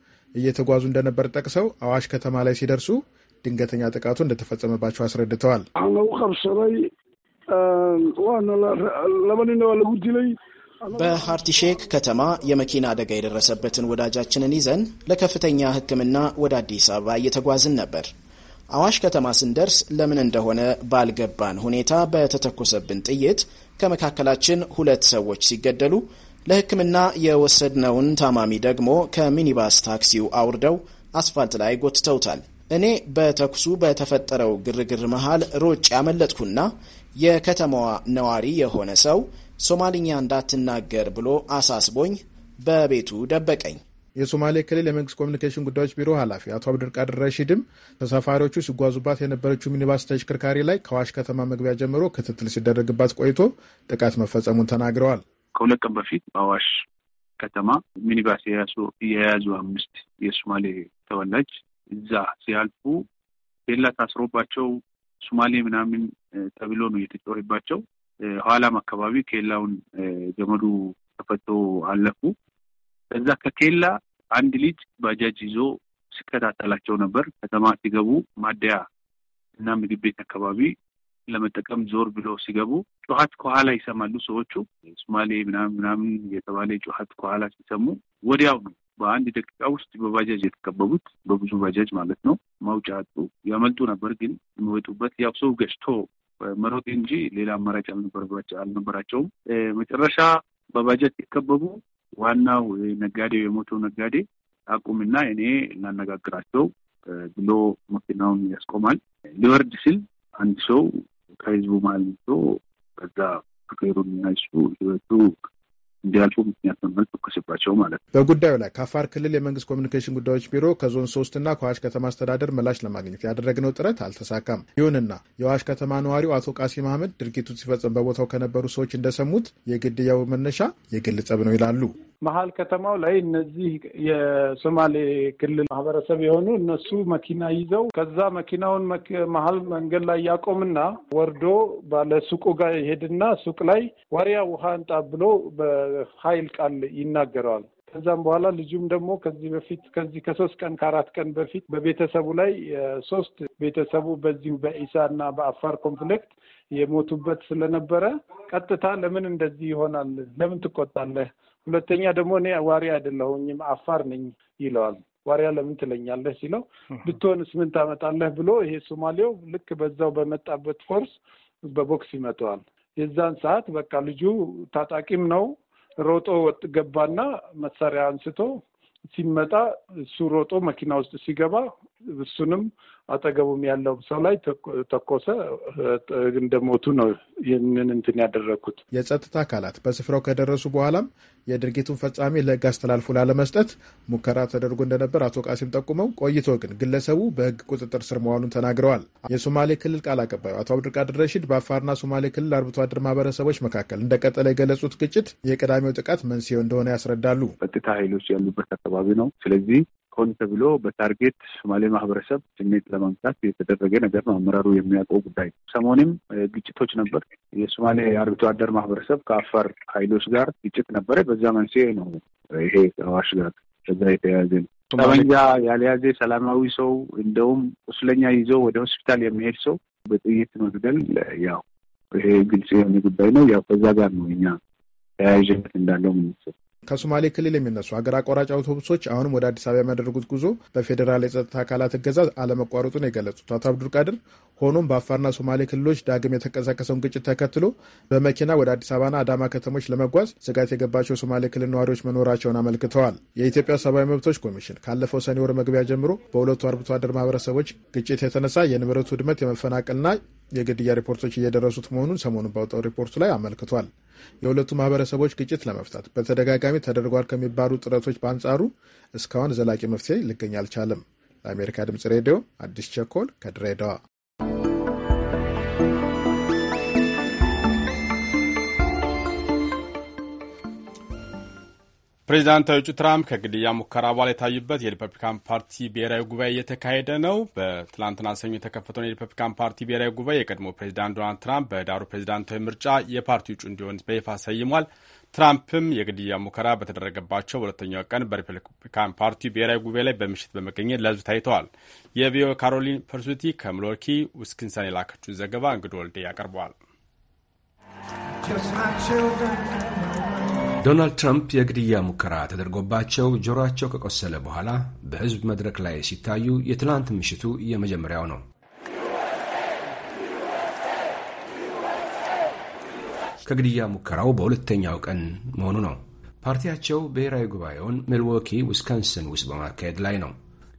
እየተጓዙ እንደነበር ጠቅሰው አዋሽ ከተማ ላይ ሲደርሱ ድንገተኛ ጥቃቱ እንደተፈጸመባቸው አስረድተዋል። በሃርቲሼክ ከተማ የመኪና አደጋ የደረሰበትን ወዳጃችንን ይዘን ለከፍተኛ ሕክምና ወደ አዲስ አበባ እየተጓዝን ነበር። አዋሽ ከተማ ስንደርስ ለምን እንደሆነ ባልገባን ሁኔታ በተተኮሰብን ጥይት ከመካከላችን ሁለት ሰዎች ሲገደሉ ለሕክምና የወሰድነውን ታማሚ ደግሞ ከሚኒባስ ታክሲው አውርደው አስፋልት ላይ ጎትተውታል። እኔ በተኩሱ በተፈጠረው ግርግር መሃል ሮጬ ያመለጥኩና የከተማዋ ነዋሪ የሆነ ሰው ሶማሊኛ እንዳትናገር ብሎ አሳስቦኝ በቤቱ ደበቀኝ። የሶማሌ ክልል የመንግስት ኮሚኒኬሽን ጉዳዮች ቢሮ ኃላፊ አቶ አብዱልቃድር ረሺድም ተሳፋሪዎቹ ሲጓዙባት የነበረችው ሚኒባስ ተሽከርካሪ ላይ ከዋሽ ከተማ መግቢያ ጀምሮ ክትትል ሲደረግባት ቆይቶ ጥቃት መፈጸሙን ተናግረዋል። ከሁለት ቀን በፊት በአዋሽ ከተማ ሚኒባስ የያዙ አምስት የሶማሌ ተወላጅ እዛ ሲያልፉ ሌላ ታስሮባቸው ሱማሌ ምናምን ተብሎ ነው የተጮህባቸው። ኋላም አካባቢ ኬላውን ገመዱ ተፈቶ አለፉ። ከዛ ከኬላ አንድ ልጅ ባጃጅ ይዞ ሲከታተላቸው ነበር። ከተማ ሲገቡ ማደያ እና ምግብ ቤት አካባቢ ለመጠቀም ዞር ብሎ ሲገቡ ጩኸት ከኋላ ይሰማሉ። ሰዎቹ ሶማሌ ምናምን ምናምን የተባለ ጩኸት ከኋላ ሲሰሙ ወዲያው ነው በአንድ ደቂቃ ውስጥ በባጃጅ የተከበቡት በብዙ ባጃጅ ማለት ነው። መውጫ አጡ። ያመልጡ ነበር፣ ግን የሚወጡበት ያው ሰው ገጭቶ መሮጥ እንጂ ሌላ አማራጭ አልነበራቸውም። መጨረሻ በባጃጅ ሲከበቡ ዋናው ነጋዴው የሞተው ነጋዴ አቁምና እኔ እናነጋግራቸው ብሎ መኪናውን ያስቆማል። ሊወርድ ሲል አንድ ሰው ከህዝቡ መሀል ከዛ ፍቅሩን እና እሱ ህይወቱ እንዲያልፉ ምክንያት መመልኩስባቸው ማለት ነው። በጉዳዩ ላይ ከአፋር ክልል የመንግስት ኮሚኒኬሽን ጉዳዮች ቢሮ ከዞን ሶስት እና ከዋሽ ከተማ አስተዳደር ምላሽ ለማግኘት ያደረግነው ጥረት አልተሳካም። ይሁንና የዋሽ ከተማ ነዋሪው አቶ ቃሲም አህመድ ድርጊቱ ሲፈጽም በቦታው ከነበሩ ሰዎች እንደሰሙት የግድያው መነሻ የግል ጸብ ነው ይላሉ። መሀል ከተማው ላይ እነዚህ የሶማሌ ክልል ማህበረሰብ የሆኑ እነሱ መኪና ይዘው ከዛ መኪናውን መሀል መንገድ ላይ ያቆምና ወርዶ ባለ ሱቁ ጋር ይሄድና ሱቅ ላይ ዋሪያ ውሃ እንጣ ብሎ በኃይል ቃል ይናገረዋል። ከዛም በኋላ ልጁም ደግሞ ከዚህ በፊት ከዚህ ከሶስት ቀን ከአራት ቀን በፊት በቤተሰቡ ላይ ሶስት ቤተሰቡ በዚሁ በኢሳ እና በአፋር ኮንፍሊክት የሞቱበት ስለነበረ ቀጥታ ለምን እንደዚህ ይሆናል? ለምን ትቆጣለህ? ሁለተኛ ደግሞ እኔ ዋሪ አይደለሁኝም አፋር ነኝ ይለዋል። ዋሪያ ለምን ትለኛለህ ሲለው ብትሆንስ ምን ታመጣለህ ብሎ ይሄ ሶማሌው ልክ በዛው በመጣበት ፎርስ በቦክስ ይመተዋል። የዛን ሰዓት በቃ ልጁ ታጣቂም ነው ሮጦ ወጥ ገባና መሳሪያ አንስቶ ሲመጣ እሱ ሮጦ መኪና ውስጥ ሲገባ እሱንም አጠገቡም ያለው ሰው ላይ ተኮሰ። እንደሞቱ ነው ይህንን እንትን ያደረግኩት። የጸጥታ አካላት በስፍራው ከደረሱ በኋላም የድርጊቱን ፈጻሚ ለሕግ አስተላልፎ ላለመስጠት ሙከራ ተደርጎ እንደነበር አቶ ቃሲም ጠቁመው ቆይቶ ግን ግለሰቡ በሕግ ቁጥጥር ስር መዋሉን ተናግረዋል። የሶማሌ ክልል ቃል አቀባዩ አቶ አብዱልቃድር ረሺድ በአፋርና ሶማሌ ክልል አርብቶ አደር ማህበረሰቦች መካከል እንደቀጠለ የገለጹት ግጭት የቅዳሜው ጥቃት መንስኤው እንደሆነ ያስረዳሉ። ጸጥታ ኃይሎች ያሉበት አካባቢ ነው። ስለዚህ ሆን ተብሎ በታርጌት ሶማሌ ማህበረሰብ ስሜት ለማምጣት የተደረገ ነገር ነው። አመራሩ የሚያውቀው ጉዳይ ነው። ሰሞንም ግጭቶች ነበር። የሶማሌ አርብቶ አደር ማህበረሰብ ከአፋር ኃይሎች ጋር ግጭት ነበረ። በዛ መንስኤ ነው ይሄ አዋሽ ጋር ከዛ የተያያዘ ነው። ጠመንጃ ያልያዘ ሰላማዊ ሰው እንደውም ቁስለኛ ይዞ ወደ ሆስፒታል የሚሄድ ሰው በጥይት መግደል ያው ይሄ ግልጽ የሆነ ጉዳይ ነው። ያው ከዛ ጋር ነው እኛ ተያያዥነት እንዳለው ምንስል ከሶማሌ ክልል የሚነሱ ሀገር አቋራጭ አውቶቡሶች አሁንም ወደ አዲስ አበባ የሚያደርጉት ጉዞ በፌዴራል የጸጥታ አካላት እገዛ አለመቋረጡን የገለጹት አቶ አብዱል ቃድር ሆኖም በአፋርና ሶማሌ ክልሎች ዳግም የተቀሳቀሰውን ግጭት ተከትሎ በመኪና ወደ አዲስ አበባና አዳማ ከተሞች ለመጓዝ ስጋት የገባቸው ሶማሌ ክልል ነዋሪዎች መኖራቸውን አመልክተዋል። የኢትዮጵያ ሰብአዊ መብቶች ኮሚሽን ካለፈው ሰኔ ወር መግቢያ ጀምሮ በሁለቱ አርብቶ አደር ማህበረሰቦች ግጭት የተነሳ የንብረቱ ውድመት የመፈናቀልና የግድያ ሪፖርቶች እየደረሱት መሆኑን ሰሞኑን ባወጣው ሪፖርቱ ላይ አመልክቷል። የሁለቱ ማህበረሰቦች ግጭት ለመፍታት በተደጋጋሚ ተደርጓል ከሚባሉ ጥረቶች በአንጻሩ እስካሁን ዘላቂ መፍትሄ ሊገኝ አልቻለም። ለአሜሪካ ድምጽ ሬዲዮ አዲስ ቸኮል ከድሬዳዋ ፕሬዚዳንታዊ እጩ ትራምፕ ከግድያ ሙከራ በኋላ የታዩበት የሪፐብሊካን ፓርቲ ብሔራዊ ጉባኤ እየተካሄደ ነው። በትላንትና ሰኞ የተከፈተውን የሪፐብሊካን ፓርቲ ብሔራዊ ጉባኤ የቀድሞ ፕሬዚዳንት ዶናልድ ትራምፕ በዳሩ ፕሬዚዳንታዊ ምርጫ የፓርቲው እጩ እንዲሆን በይፋ ሰይሟል። ትራምፕም የግድያ ሙከራ በተደረገባቸው በሁለተኛው ቀን በሪፐብሊካን ፓርቲ ብሔራዊ ጉባኤ ላይ በምሽት በመገኘት ለህዝብ ታይተዋል። የቪኦኤ ካሮሊን ፐርሱቲ ከምሎርኪ ዊስኮንሰን የላከችውን ዘገባ እንግዶ ወልዴ ያቀርበዋል። ዶናልድ ትራምፕ የግድያ ሙከራ ተደርጎባቸው ጆሮአቸው ከቆሰለ በኋላ በሕዝብ መድረክ ላይ ሲታዩ የትላንት ምሽቱ የመጀመሪያው ነው። ከግድያ ሙከራው በሁለተኛው ቀን መሆኑ ነው። ፓርቲያቸው ብሔራዊ ጉባኤውን ሚልዎኪ ዊስኮንስን ውስጥ በማካሄድ ላይ ነው።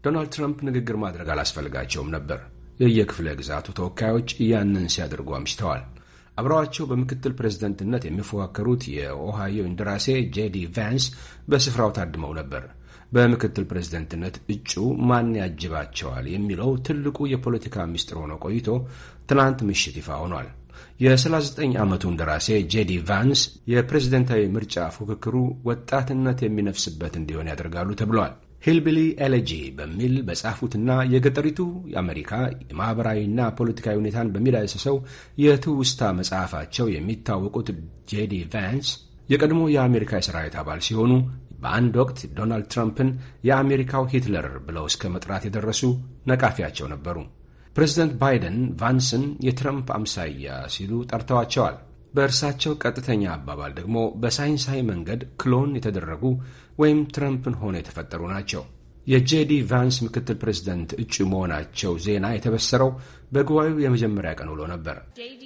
ዶናልድ ትራምፕ ንግግር ማድረግ አላስፈልጋቸውም ነበር። የየክፍለ ግዛቱ ተወካዮች ያንን ሲያደርጉ አምሽተዋል። አብረዋቸው በምክትል ፕሬዝደንትነት የሚፎካከሩት የኦሃዮ እንደራሴ ጄዲ ቫንስ በስፍራው ታድመው ነበር። በምክትል ፕሬዝደንትነት እጩ ማን ያጅባቸዋል የሚለው ትልቁ የፖለቲካ ምስጢር ሆኖ ቆይቶ ትናንት ምሽት ይፋ ሆኗል። የ39 ዓመቱ እንደራሴ ጄዲ ቫንስ የፕሬዝደንታዊ ምርጫ ፉክክሩ ወጣትነት የሚነፍስበት እንዲሆን ያደርጋሉ ተብሏል። ሂልቢሊ ኤለጂ በሚል በጻፉትና የገጠሪቱ የአሜሪካ የማኅበራዊና ፖለቲካዊ ሁኔታን በሚዳስሰው የትውስታ መጽሐፋቸው የሚታወቁት ጄዲ ቫንስ የቀድሞ የአሜሪካ የሠራዊት አባል ሲሆኑ በአንድ ወቅት ዶናልድ ትራምፕን የአሜሪካው ሂትለር ብለው እስከ መጥራት የደረሱ ነቃፊያቸው ነበሩ። ፕሬዚደንት ባይደን ቫንስን የትራምፕ አምሳያ ሲሉ ጠርተዋቸዋል። በእርሳቸው ቀጥተኛ አባባል ደግሞ በሳይንሳዊ መንገድ ክሎን የተደረጉ ወይም ትረምፕን ሆነ የተፈጠሩ ናቸው። የጄዲ ቫንስ ምክትል ፕሬዝደንት እጩ መሆናቸው ዜና የተበሰረው በጉባኤው የመጀመሪያ ቀን ውሎ ነበር። ጄዲ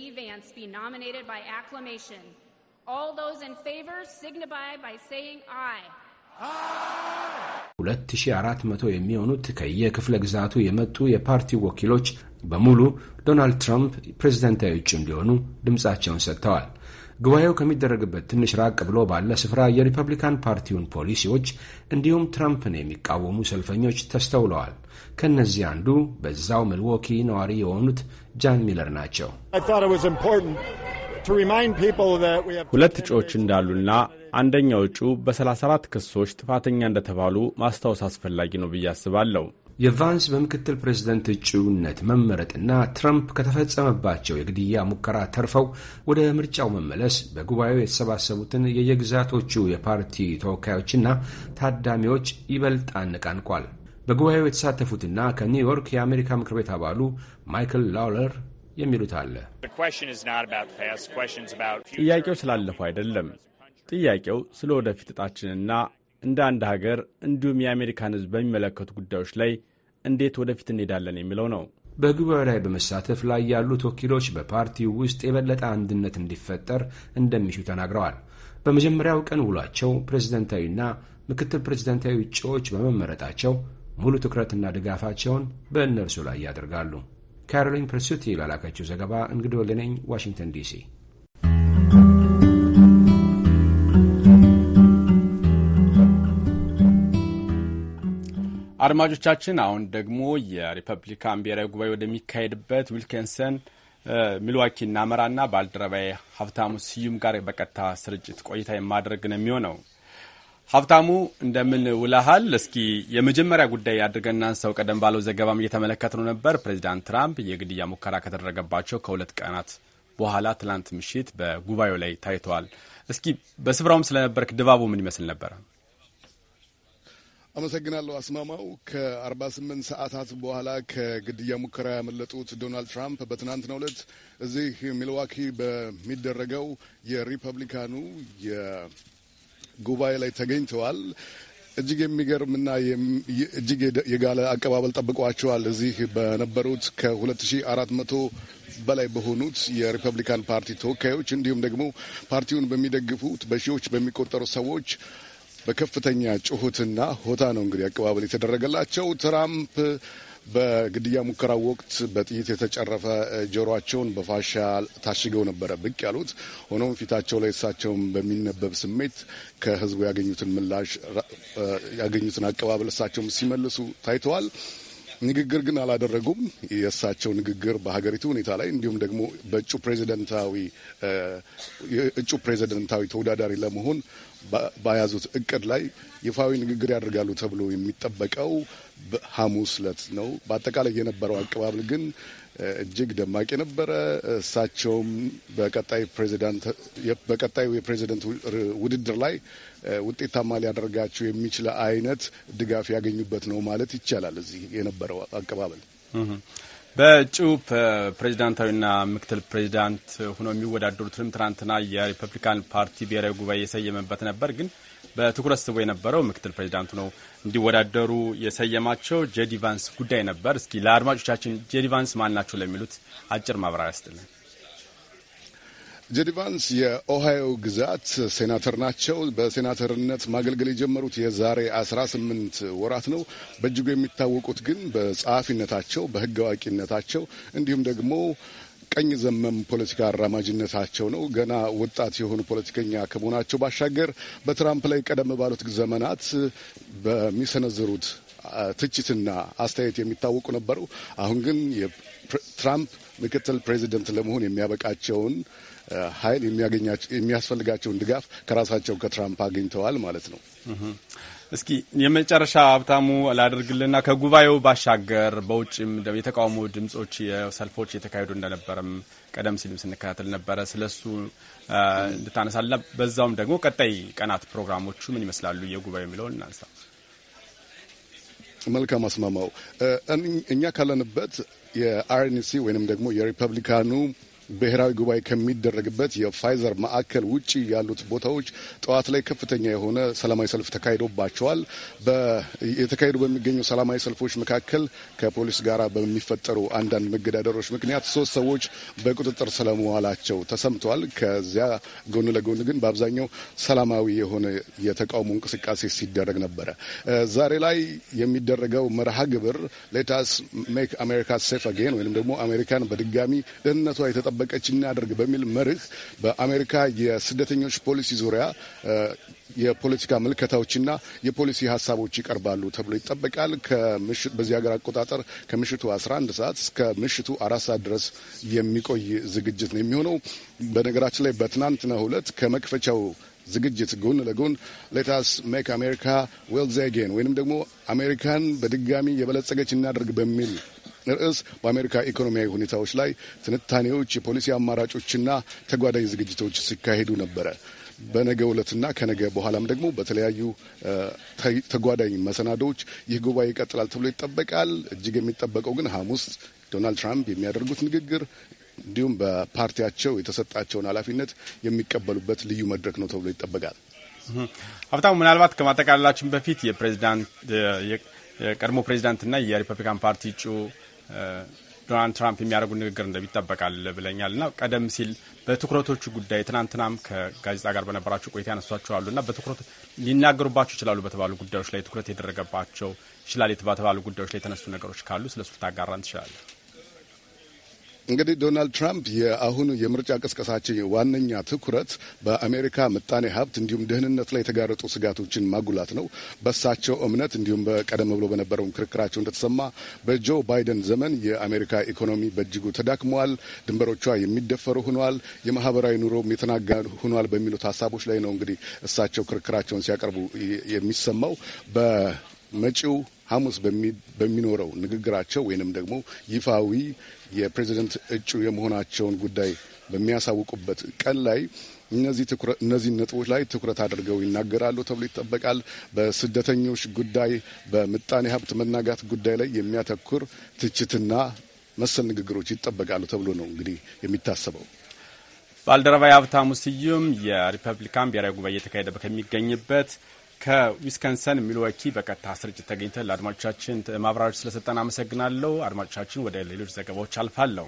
2400 የሚሆኑት ከየክፍለ ግዛቱ የመጡ የፓርቲው ወኪሎች በሙሉ ዶናልድ ትራምፕ ፕሬዝደንታዊ እጩ እንዲሆኑ ድምፃቸውን ሰጥተዋል። ጉባኤው ከሚደረግበት ትንሽ ራቅ ብሎ ባለ ስፍራ የሪፐብሊካን ፓርቲውን ፖሊሲዎች እንዲሁም ትራምፕን የሚቃወሙ ሰልፈኞች ተስተውለዋል። ከእነዚህ አንዱ በዛው ሚልዎኪ ነዋሪ የሆኑት ጃን ሚለር ናቸው። ሁለት እጩዎች እንዳሉና አንደኛዎቹ በ34 ክሶች ጥፋተኛ እንደተባሉ ማስታወስ አስፈላጊ ነው ብዬ አስባለሁ። የቫንስ በምክትል ፕሬዝደንት እጩነት መመረጥና ትራምፕ ከተፈጸመባቸው የግድያ ሙከራ ተርፈው ወደ ምርጫው መመለስ በጉባኤው የተሰባሰቡትን የየግዛቶቹ የፓርቲ ተወካዮችና ታዳሚዎች ይበልጥ አነቃንቋል። በጉባኤው የተሳተፉትና ከኒውዮርክ የአሜሪካ ምክር ቤት አባሉ ማይክል ላውለር የሚሉት አለ። ጥያቄው ስላለፈው አይደለም። ጥያቄው ስለ ወደፊት እጣችንና እንደ አንድ ሀገር እንዲሁም የአሜሪካን ህዝብ በሚመለከቱ ጉዳዮች ላይ እንዴት ወደፊት እንሄዳለን የሚለው ነው። በጉባኤው ላይ በመሳተፍ ላይ ያሉት ወኪሎች በፓርቲው ውስጥ የበለጠ አንድነት እንዲፈጠር እንደሚሹ ተናግረዋል። በመጀመሪያው ቀን ውሏቸው ፕሬዝደንታዊና ምክትል ፕሬዝደንታዊ እጩዎች በመመረጣቸው ሙሉ ትኩረትና ድጋፋቸውን በእነርሱ ላይ ያደርጋሉ። ካሮሊን ፕርሱቲ ላላካቸው ዘገባ እንግዶ ለነኝ ዋሽንግተን ዲሲ አድማጮቻችን አሁን ደግሞ የሪፐብሊካን ብሔራዊ ጉባኤ ወደሚካሄድበት ዊልኪንሰን ሚልዋኪ እናመራና ባልደረባዬ ሀብታሙ ስዩም ጋር በቀጥታ ስርጭት ቆይታ የማድረግ ነው የሚሆነው። ሀብታሙ እንደምን ውለሃል? እስኪ የመጀመሪያ ጉዳይ አድርገን ሰው ቀደም ባለው ዘገባም ነው ነበር። ፕሬዚዳንት ትራምፕ የግድያ ሙከራ ከተደረገባቸው ከሁለት ቀናት በኋላ ትላንት ምሽት በጉባኤው ላይ ታይተዋል። እስኪ በስፍራውም ስለነበርክ ድባቡ ምን ይመስል ነበር አመሰግናለሁ አስማማው። ከ48 ሰዓታት በኋላ ከግድያ ሙከራ ያመለጡት ዶናልድ ትራምፕ በትናንትናው ዕለት እዚህ ሚልዋኪ በሚደረገው የሪፐብሊካኑ የጉባኤ ላይ ተገኝተዋል። እጅግ የሚገርምና እጅግ የጋለ አቀባበል ጠብቋቸዋል። እዚህ በነበሩት ከ2400 በላይ በሆኑት የሪፐብሊካን ፓርቲ ተወካዮች እንዲሁም ደግሞ ፓርቲውን በሚደግፉት በሺዎች በሚቆጠሩ ሰዎች በከፍተኛ ጩኸትና ሆታ ነው እንግዲህ አቀባበል የተደረገላቸው። ትራምፕ በግድያ ሙከራ ወቅት በጥይት የተጨረፈ ጆሮቸውን በፋሻ ታሽገው ነበረ ብቅ ያሉት። ሆኖም ፊታቸው ላይ እሳቸውን በሚነበብ ስሜት ከህዝቡ ያገኙትን ምላሽ ያገኙትን አቀባበል እሳቸውም ሲመልሱ ታይተዋል። ንግግር ግን አላደረጉም። የእሳቸው ንግግር በሀገሪቱ ሁኔታ ላይ እንዲሁም ደግሞ በእጩ ፕሬዚደንታዊ የእጩ ፕሬዚደንታዊ ተወዳዳሪ ለመሆን በያዙት እቅድ ላይ ይፋዊ ንግግር ያደርጋሉ ተብሎ የሚጠበቀው ሐሙስ ዕለት ነው። በአጠቃላይ የነበረው አቀባበል ግን እጅግ ደማቅ የነበረ እሳቸውም በቀጣዩ የፕሬዚደንት ውድድር ላይ ውጤታማ ሊያደርጋቸው የሚችል አይነት ድጋፍ ያገኙበት ነው ማለት ይቻላል። እዚህ የነበረው አቀባበል በእጩ ፕሬዚዳንታዊና ምክትል ፕሬዚዳንት ሆነው የሚወዳደሩትንም ትናንትና የሪፐብሊካን ፓርቲ ብሔራዊ ጉባኤ የሰየመበት ነበር ግን በትኩረት ስቦ የነበረው ምክትል ፕሬዚዳንቱ ነው እንዲወዳደሩ የሰየማቸው ጄዲ ቫንስ ጉዳይ ነበር። እስኪ ለአድማጮቻችን ጄዲ ቫንስ ማን ናቸው ለሚሉት አጭር ማብራሪያ ያስጥልን። ጄዲ ቫንስ የኦሃዮ ግዛት ሴናተር ናቸው። በሴናተርነት ማገልገል የጀመሩት የዛሬ 18 ወራት ነው። በእጅጉ የሚታወቁት ግን በጸሐፊነታቸው፣ በህግ አዋቂነታቸው እንዲሁም ደግሞ ቀኝ ዘመም ፖለቲካ አራማጅነታቸው ነው። ገና ወጣት የሆኑ ፖለቲከኛ ከመሆናቸው ባሻገር በትራምፕ ላይ ቀደም ባሉት ዘመናት በሚሰነዝሩት ትችትና አስተያየት የሚታወቁ ነበሩ። አሁን ግን የትራምፕ ምክትል ፕሬዚደንት ለመሆን የሚያበቃቸውን ኃይል የሚያስፈልጋቸውን ድጋፍ ከራሳቸው ከትራምፕ አግኝተዋል ማለት ነው። እስኪ የመጨረሻ ሀብታሙ ላደርግልና ከጉባኤው ባሻገር በውጭም የተቃውሞ ድምጾች፣ ሰልፎች የተካሄዱ እንደነበረም ቀደም ሲልም ስንከታተል ነበረ። ስለ እሱ እንድታነሳላ በዛውም ደግሞ ቀጣይ ቀናት ፕሮግራሞቹ ምን ይመስላሉ የጉባኤው የሚለውን እናንሳ። መልካም አስማማው፣ እኛ ካለንበት የአርኤንሲ ወይንም ደግሞ የሪፐብሊካኑ ብሔራዊ ጉባኤ ከሚደረግበት የፋይዘር ማዕከል ውጭ ያሉት ቦታዎች ጠዋት ላይ ከፍተኛ የሆነ ሰላማዊ ሰልፍ ተካሂዶባቸዋል። የተካሄዱ በሚገኙ ሰላማዊ ሰልፎች መካከል ከፖሊስ ጋር በሚፈጠሩ አንዳንድ መገዳደሮች ምክንያት ሶስት ሰዎች በቁጥጥር ስለመዋላቸው ተሰምተዋል። ከዚያ ጎን ለጎን ግን በአብዛኛው ሰላማዊ የሆነ የተቃውሞ እንቅስቃሴ ሲደረግ ነበረ። ዛሬ ላይ የሚደረገው መርሃ ግብር ሌታስ ሜክ አሜሪካ ሴፍ አጌን ወይም ደግሞ አሜሪካን በድጋሚ ደህንነቷ የተጠ የተጣበቀች እናደርግ በሚል መርህ በአሜሪካ የስደተኞች ፖሊሲ ዙሪያ የፖለቲካ ምልከታዎችና የፖሊሲ ሀሳቦች ይቀርባሉ ተብሎ ይጠበቃል። በዚህ ሀገር አቆጣጠር ከምሽቱ 11 ሰዓት እስከ ምሽቱ አራት ሰዓት ድረስ የሚቆይ ዝግጅት ነው የሚሆነው። በነገራችን ላይ በትናንትናው ዕለት ከመክፈቻው ዝግጅት ጎን ለጎን ሌታስ ሜክ አሜሪካ ዌልዝ አጌን ወይንም ደግሞ አሜሪካን በድጋሚ የበለጸገች እናደርግ በሚል ርዕስ በአሜሪካ ኢኮኖሚያዊ ሁኔታዎች ላይ ትንታኔዎች፣ የፖሊሲ አማራጮችና ተጓዳኝ ዝግጅቶች ሲካሄዱ ነበረ። በነገ ዕለትና ከነገ በኋላም ደግሞ በተለያዩ ተጓዳኝ መሰናዶዎች ይህ ጉባኤ ይቀጥላል ተብሎ ይጠበቃል። እጅግ የሚጠበቀው ግን ሐሙስ ዶናልድ ትራምፕ የሚያደርጉት ንግግር እንዲሁም በፓርቲያቸው የተሰጣቸውን ኃላፊነት የሚቀበሉበት ልዩ መድረክ ነው ተብሎ ይጠበቃል። ሀብታሙ፣ ምናልባት ከማጠቃለላችን በፊት የቀድሞ ፕሬዚዳንትና የሪፐብሊካን ፓርቲ እጩ ዶናልድ ትራምፕ የሚያደርጉት ንግግር እንደሚጠበቃል ብለኛል እና ቀደም ሲል በትኩረቶቹ ጉዳይ ትናንትናም ከጋዜጣ ጋር በነበራቸው ቆይታ ያነሷቸው አሉ እና በትኩረት ሊናገሩባቸው ይችላሉ በተባሉ ጉዳዮች ላይ ትኩረት የደረገባቸው ይችላል የተባሉ ጉዳዮች ላይ የተነሱ ነገሮች ካሉ ስለ ሱልታ አጋራን ትችላለን እንግዲህ ዶናልድ ትራምፕ የአሁኑ የምርጫ ቅስቀሳችን ዋነኛ ትኩረት በአሜሪካ ምጣኔ ሀብት እንዲሁም ደህንነት ላይ የተጋረጡ ስጋቶችን ማጉላት ነው። በሳቸው እምነት እንዲሁም በቀደም ብሎ በነበረው ክርክራቸው እንደተሰማ በጆ ባይደን ዘመን የአሜሪካ ኢኮኖሚ በእጅጉ ተዳክመዋል፣ ድንበሮቿ የሚደፈሩ ሆኗል፣ የማህበራዊ ኑሮም የተናጋ ሆኗል በሚሉት ሀሳቦች ላይ ነው እንግዲህ እሳቸው ክርክራቸውን ሲያቀርቡ የሚሰማው። መጪው ሐሙስ በሚኖረው ንግግራቸው ወይንም ደግሞ ይፋዊ የፕሬዚደንት እጩ የመሆናቸውን ጉዳይ በሚያሳውቁበት ቀን ላይ እነዚህ ነጥቦች ላይ ትኩረት አድርገው ይናገራሉ ተብሎ ይጠበቃል። በስደተኞች ጉዳይ፣ በምጣኔ ሀብት መናጋት ጉዳይ ላይ የሚያተኩር ትችትና መሰል ንግግሮች ይጠበቃሉ ተብሎ ነው እንግዲህ የሚታሰበው። ባልደረባ የሀብታሙ ስዩም የሪፐብሊካን ብሔራዊ ጉባኤ እየተካሄደ ከሚገኝበት ከዊስከንሰን ሚልወኪ በቀጥታ ስርጭት ተገኝተን ለአድማጮቻችን ማብራሪያዎች ስለሰጠን አመሰግናለሁ። አድማጮቻችን፣ ወደ ሌሎች ዘገባዎች አልፋለሁ።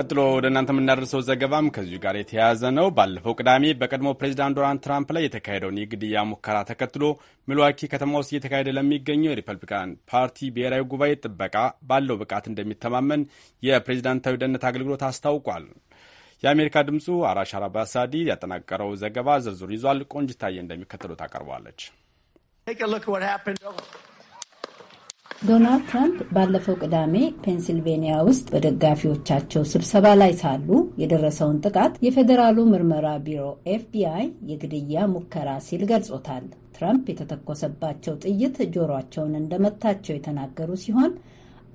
ቀጥሎ ወደ እናንተ የምናደርሰው ዘገባም ከዚሁ ጋር የተያያዘ ነው። ባለፈው ቅዳሜ በቀድሞ ፕሬዚዳንት ዶናልድ ትራምፕ ላይ የተካሄደውን የግድያ ሙከራ ተከትሎ ሚልዋኪ ከተማ ውስጥ እየተካሄደ ለሚገኘው የሪፐብሊካን ፓርቲ ብሔራዊ ጉባኤ ጥበቃ ባለው ብቃት እንደሚተማመን የፕሬዚዳንታዊ ደህንነት አገልግሎት አስታውቋል። የአሜሪካ ድምፁ አራሽ አራባሳዲ ያጠናቀረው ዘገባ ዝርዝሩ ይዟል። ቆንጅታዬ እንደሚከተሉት አቀርቧለች። ዶናልድ ትራምፕ ባለፈው ቅዳሜ ፔንሲልቬኒያ ውስጥ በደጋፊዎቻቸው ስብሰባ ላይ ሳሉ የደረሰውን ጥቃት የፌዴራሉ ምርመራ ቢሮ ኤፍቢአይ የግድያ ሙከራ ሲል ገልጾታል። ትራምፕ የተተኮሰባቸው ጥይት ጆሯቸውን እንደመታቸው የተናገሩ ሲሆን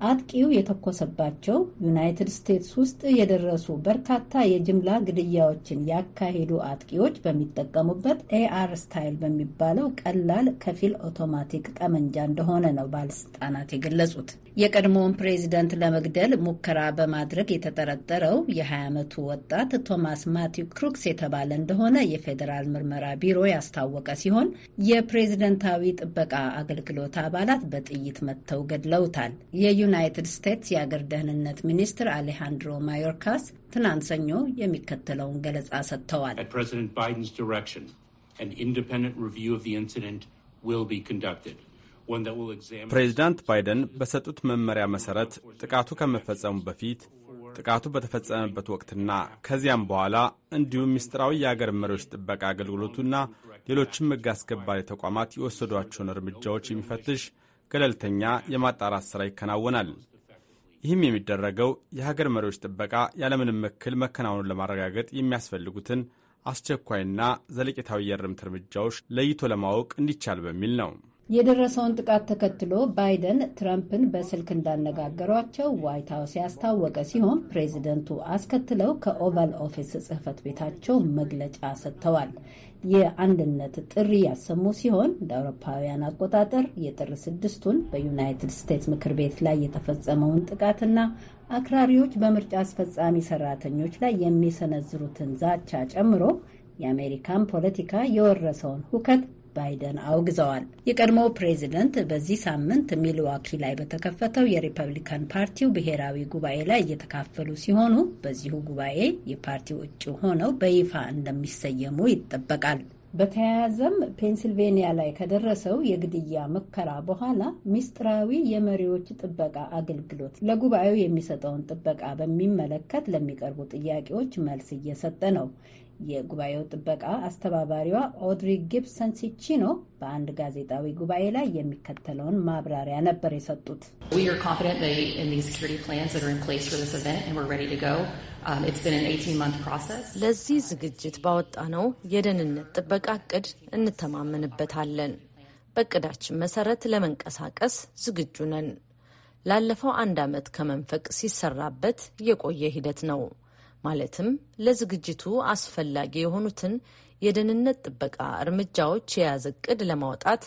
አጥቂው የተኮሰባቸው ዩናይትድ ስቴትስ ውስጥ የደረሱ በርካታ የጅምላ ግድያዎችን ያካሄዱ አጥቂዎች በሚጠቀሙበት ኤአር ስታይል በሚባለው ቀላል ከፊል አውቶማቲክ ጠመንጃ እንደሆነ ነው ባለስልጣናት የገለጹት። የቀድሞውን ፕሬዚደንት ለመግደል ሙከራ በማድረግ የተጠረጠረው የ20 ዓመቱ ወጣት ቶማስ ማቲው ክሩክስ የተባለ እንደሆነ የፌዴራል ምርመራ ቢሮ ያስታወቀ ሲሆን የፕሬዝደንታዊ ጥበቃ አገልግሎት አባላት በጥይት መጥተው ገድለውታል። የዩናይትድ ስቴትስ የአገር ደህንነት ሚኒስትር አሌሃንድሮ ማዮርካስ ትናንት ሰኞ የሚከተለውን ገለጻ ሰጥተዋል። ፕሬዚደንት ባይደንስ ዲሬክሽን አን ኢንዲፐንደንት ሪቪው ኦፍ ዘ ኢንሲደንት ዊል ቢ ኮንዳክትድ ፕሬዚዳንት ባይደን በሰጡት መመሪያ መሰረት ጥቃቱ ከመፈጸሙ በፊት ጥቃቱ በተፈጸመበት ወቅትና ከዚያም በኋላ እንዲሁም ምስጢራዊ የአገር መሪዎች ጥበቃ አገልግሎቱና ሌሎችም ሕግ አስከባሪ ተቋማት የወሰዷቸውን እርምጃዎች የሚፈትሽ ገለልተኛ የማጣራት ሥራ ይከናወናል። ይህም የሚደረገው የሀገር መሪዎች ጥበቃ ያለምንም እክል መከናወኑን ለማረጋገጥ የሚያስፈልጉትን አስቸኳይና ዘለቄታዊ የእርምት እርምጃዎች ለይቶ ለማወቅ እንዲቻል በሚል ነው። የደረሰውን ጥቃት ተከትሎ ባይደን ትራምፕን በስልክ እንዳነጋገሯቸው ዋይት ሀውስ ያስታወቀ ሲሆን ፕሬዚደንቱ አስከትለው ከኦቫል ኦፊስ ጽህፈት ቤታቸው መግለጫ ሰጥተዋል። የአንድነት ጥሪ ያሰሙ ሲሆን እንደ አውሮፓውያን አቆጣጠር የጥር ስድስቱን በዩናይትድ ስቴትስ ምክር ቤት ላይ የተፈጸመውን ጥቃትና አክራሪዎች በምርጫ አስፈጻሚ ሰራተኞች ላይ የሚሰነዝሩትን ዛቻ ጨምሮ የአሜሪካን ፖለቲካ የወረሰውን ሁከት ባይደን አውግዘዋል። የቀድሞው ፕሬዚደንት በዚህ ሳምንት ሚልዋኪ ላይ በተከፈተው የሪፐብሊካን ፓርቲው ብሔራዊ ጉባኤ ላይ እየተካፈሉ ሲሆኑ በዚሁ ጉባኤ የፓርቲው እጩ ሆነው በይፋ እንደሚሰየሙ ይጠበቃል። በተያያዘም ፔንሲልቬንያ ላይ ከደረሰው የግድያ ሙከራ በኋላ ሚስጥራዊ የመሪዎች ጥበቃ አገልግሎት ለጉባኤው የሚሰጠውን ጥበቃ በሚመለከት ለሚቀርቡ ጥያቄዎች መልስ እየሰጠ ነው። የጉባኤው ጥበቃ አስተባባሪዋ ኦድሪ ጊብሰን ሲቺኖ በአንድ ጋዜጣዊ ጉባኤ ላይ የሚከተለውን ማብራሪያ ነበር የሰጡት። um, ለዚህ ዝግጅት ባወጣነው የደህንነት ጥበቃ እቅድ እንተማመንበታለን። በእቅዳችን መሰረት ለመንቀሳቀስ ዝግጁ ነን። ላለፈው አንድ ዓመት ከመንፈቅ ሲሰራበት የቆየ ሂደት ነው። ማለትም ለዝግጅቱ አስፈላጊ የሆኑትን የደህንነት ጥበቃ እርምጃዎች የያዘ እቅድ ለማውጣት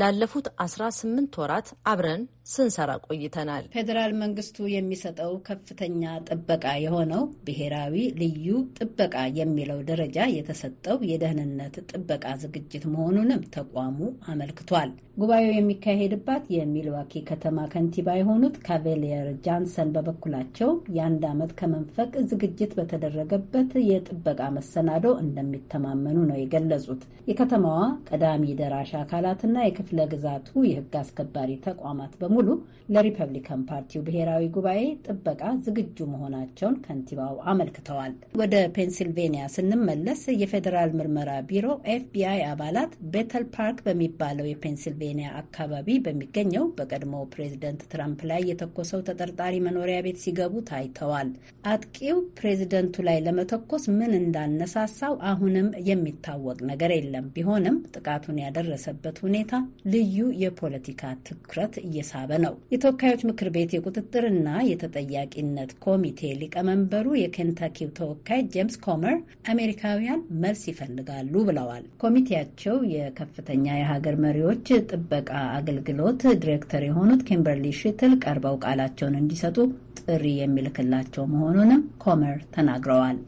ላለፉት 18 ወራት አብረን ስንሰራ ቆይተናል። ፌዴራል መንግስቱ የሚሰጠው ከፍተኛ ጥበቃ የሆነው ብሔራዊ ልዩ ጥበቃ የሚለው ደረጃ የተሰጠው የደህንነት ጥበቃ ዝግጅት መሆኑንም ተቋሙ አመልክቷል። ጉባኤው የሚካሄድባት የሚልዋኪ ከተማ ከንቲባ የሆኑት ካቬሊየር ጃንሰን በበኩላቸው የአንድ ዓመት ከመንፈቅ ዝግጅት በተደረገበት የጥበቃ መሰናዶ እንደሚተማመኑ ነው የገለጹት። የከተማዋ ቀዳሚ ደራሽ አካላትና ክፍለ ግዛቱ የህግ አስከባሪ ተቋማት በሙሉ ለሪፐብሊካን ፓርቲው ብሔራዊ ጉባኤ ጥበቃ ዝግጁ መሆናቸውን ከንቲባው አመልክተዋል። ወደ ፔንሲልቬኒያ ስንመለስ የፌዴራል ምርመራ ቢሮ ኤፍቢአይ አባላት ቤተል ፓርክ በሚባለው የፔንሲልቬኒያ አካባቢ በሚገኘው በቀድሞ ፕሬዚደንት ትራምፕ ላይ የተኮሰው ተጠርጣሪ መኖሪያ ቤት ሲገቡ ታይተዋል። አጥቂው ፕሬዚደንቱ ላይ ለመተኮስ ምን እንዳነሳሳው አሁንም የሚታወቅ ነገር የለም። ቢሆንም ጥቃቱን ያደረሰበት ሁኔታ ልዩ የፖለቲካ ትኩረት እየሳበ ነው። የተወካዮች ምክር ቤት የቁጥጥርና የተጠያቂነት ኮሚቴ ሊቀመንበሩ የኬንታኪው ተወካይ ጄምስ ኮመር አሜሪካውያን መልስ ይፈልጋሉ ብለዋል። ኮሚቴያቸው የከፍተኛ የሀገር መሪዎች ጥበቃ አገልግሎት ዲሬክተር የሆኑት ኪምበርሊ ሽትል ቀርበው ቃላቸውን እንዲሰጡ ጥሪ የሚልክላቸው መሆኑንም ኮመር ተናግረዋል።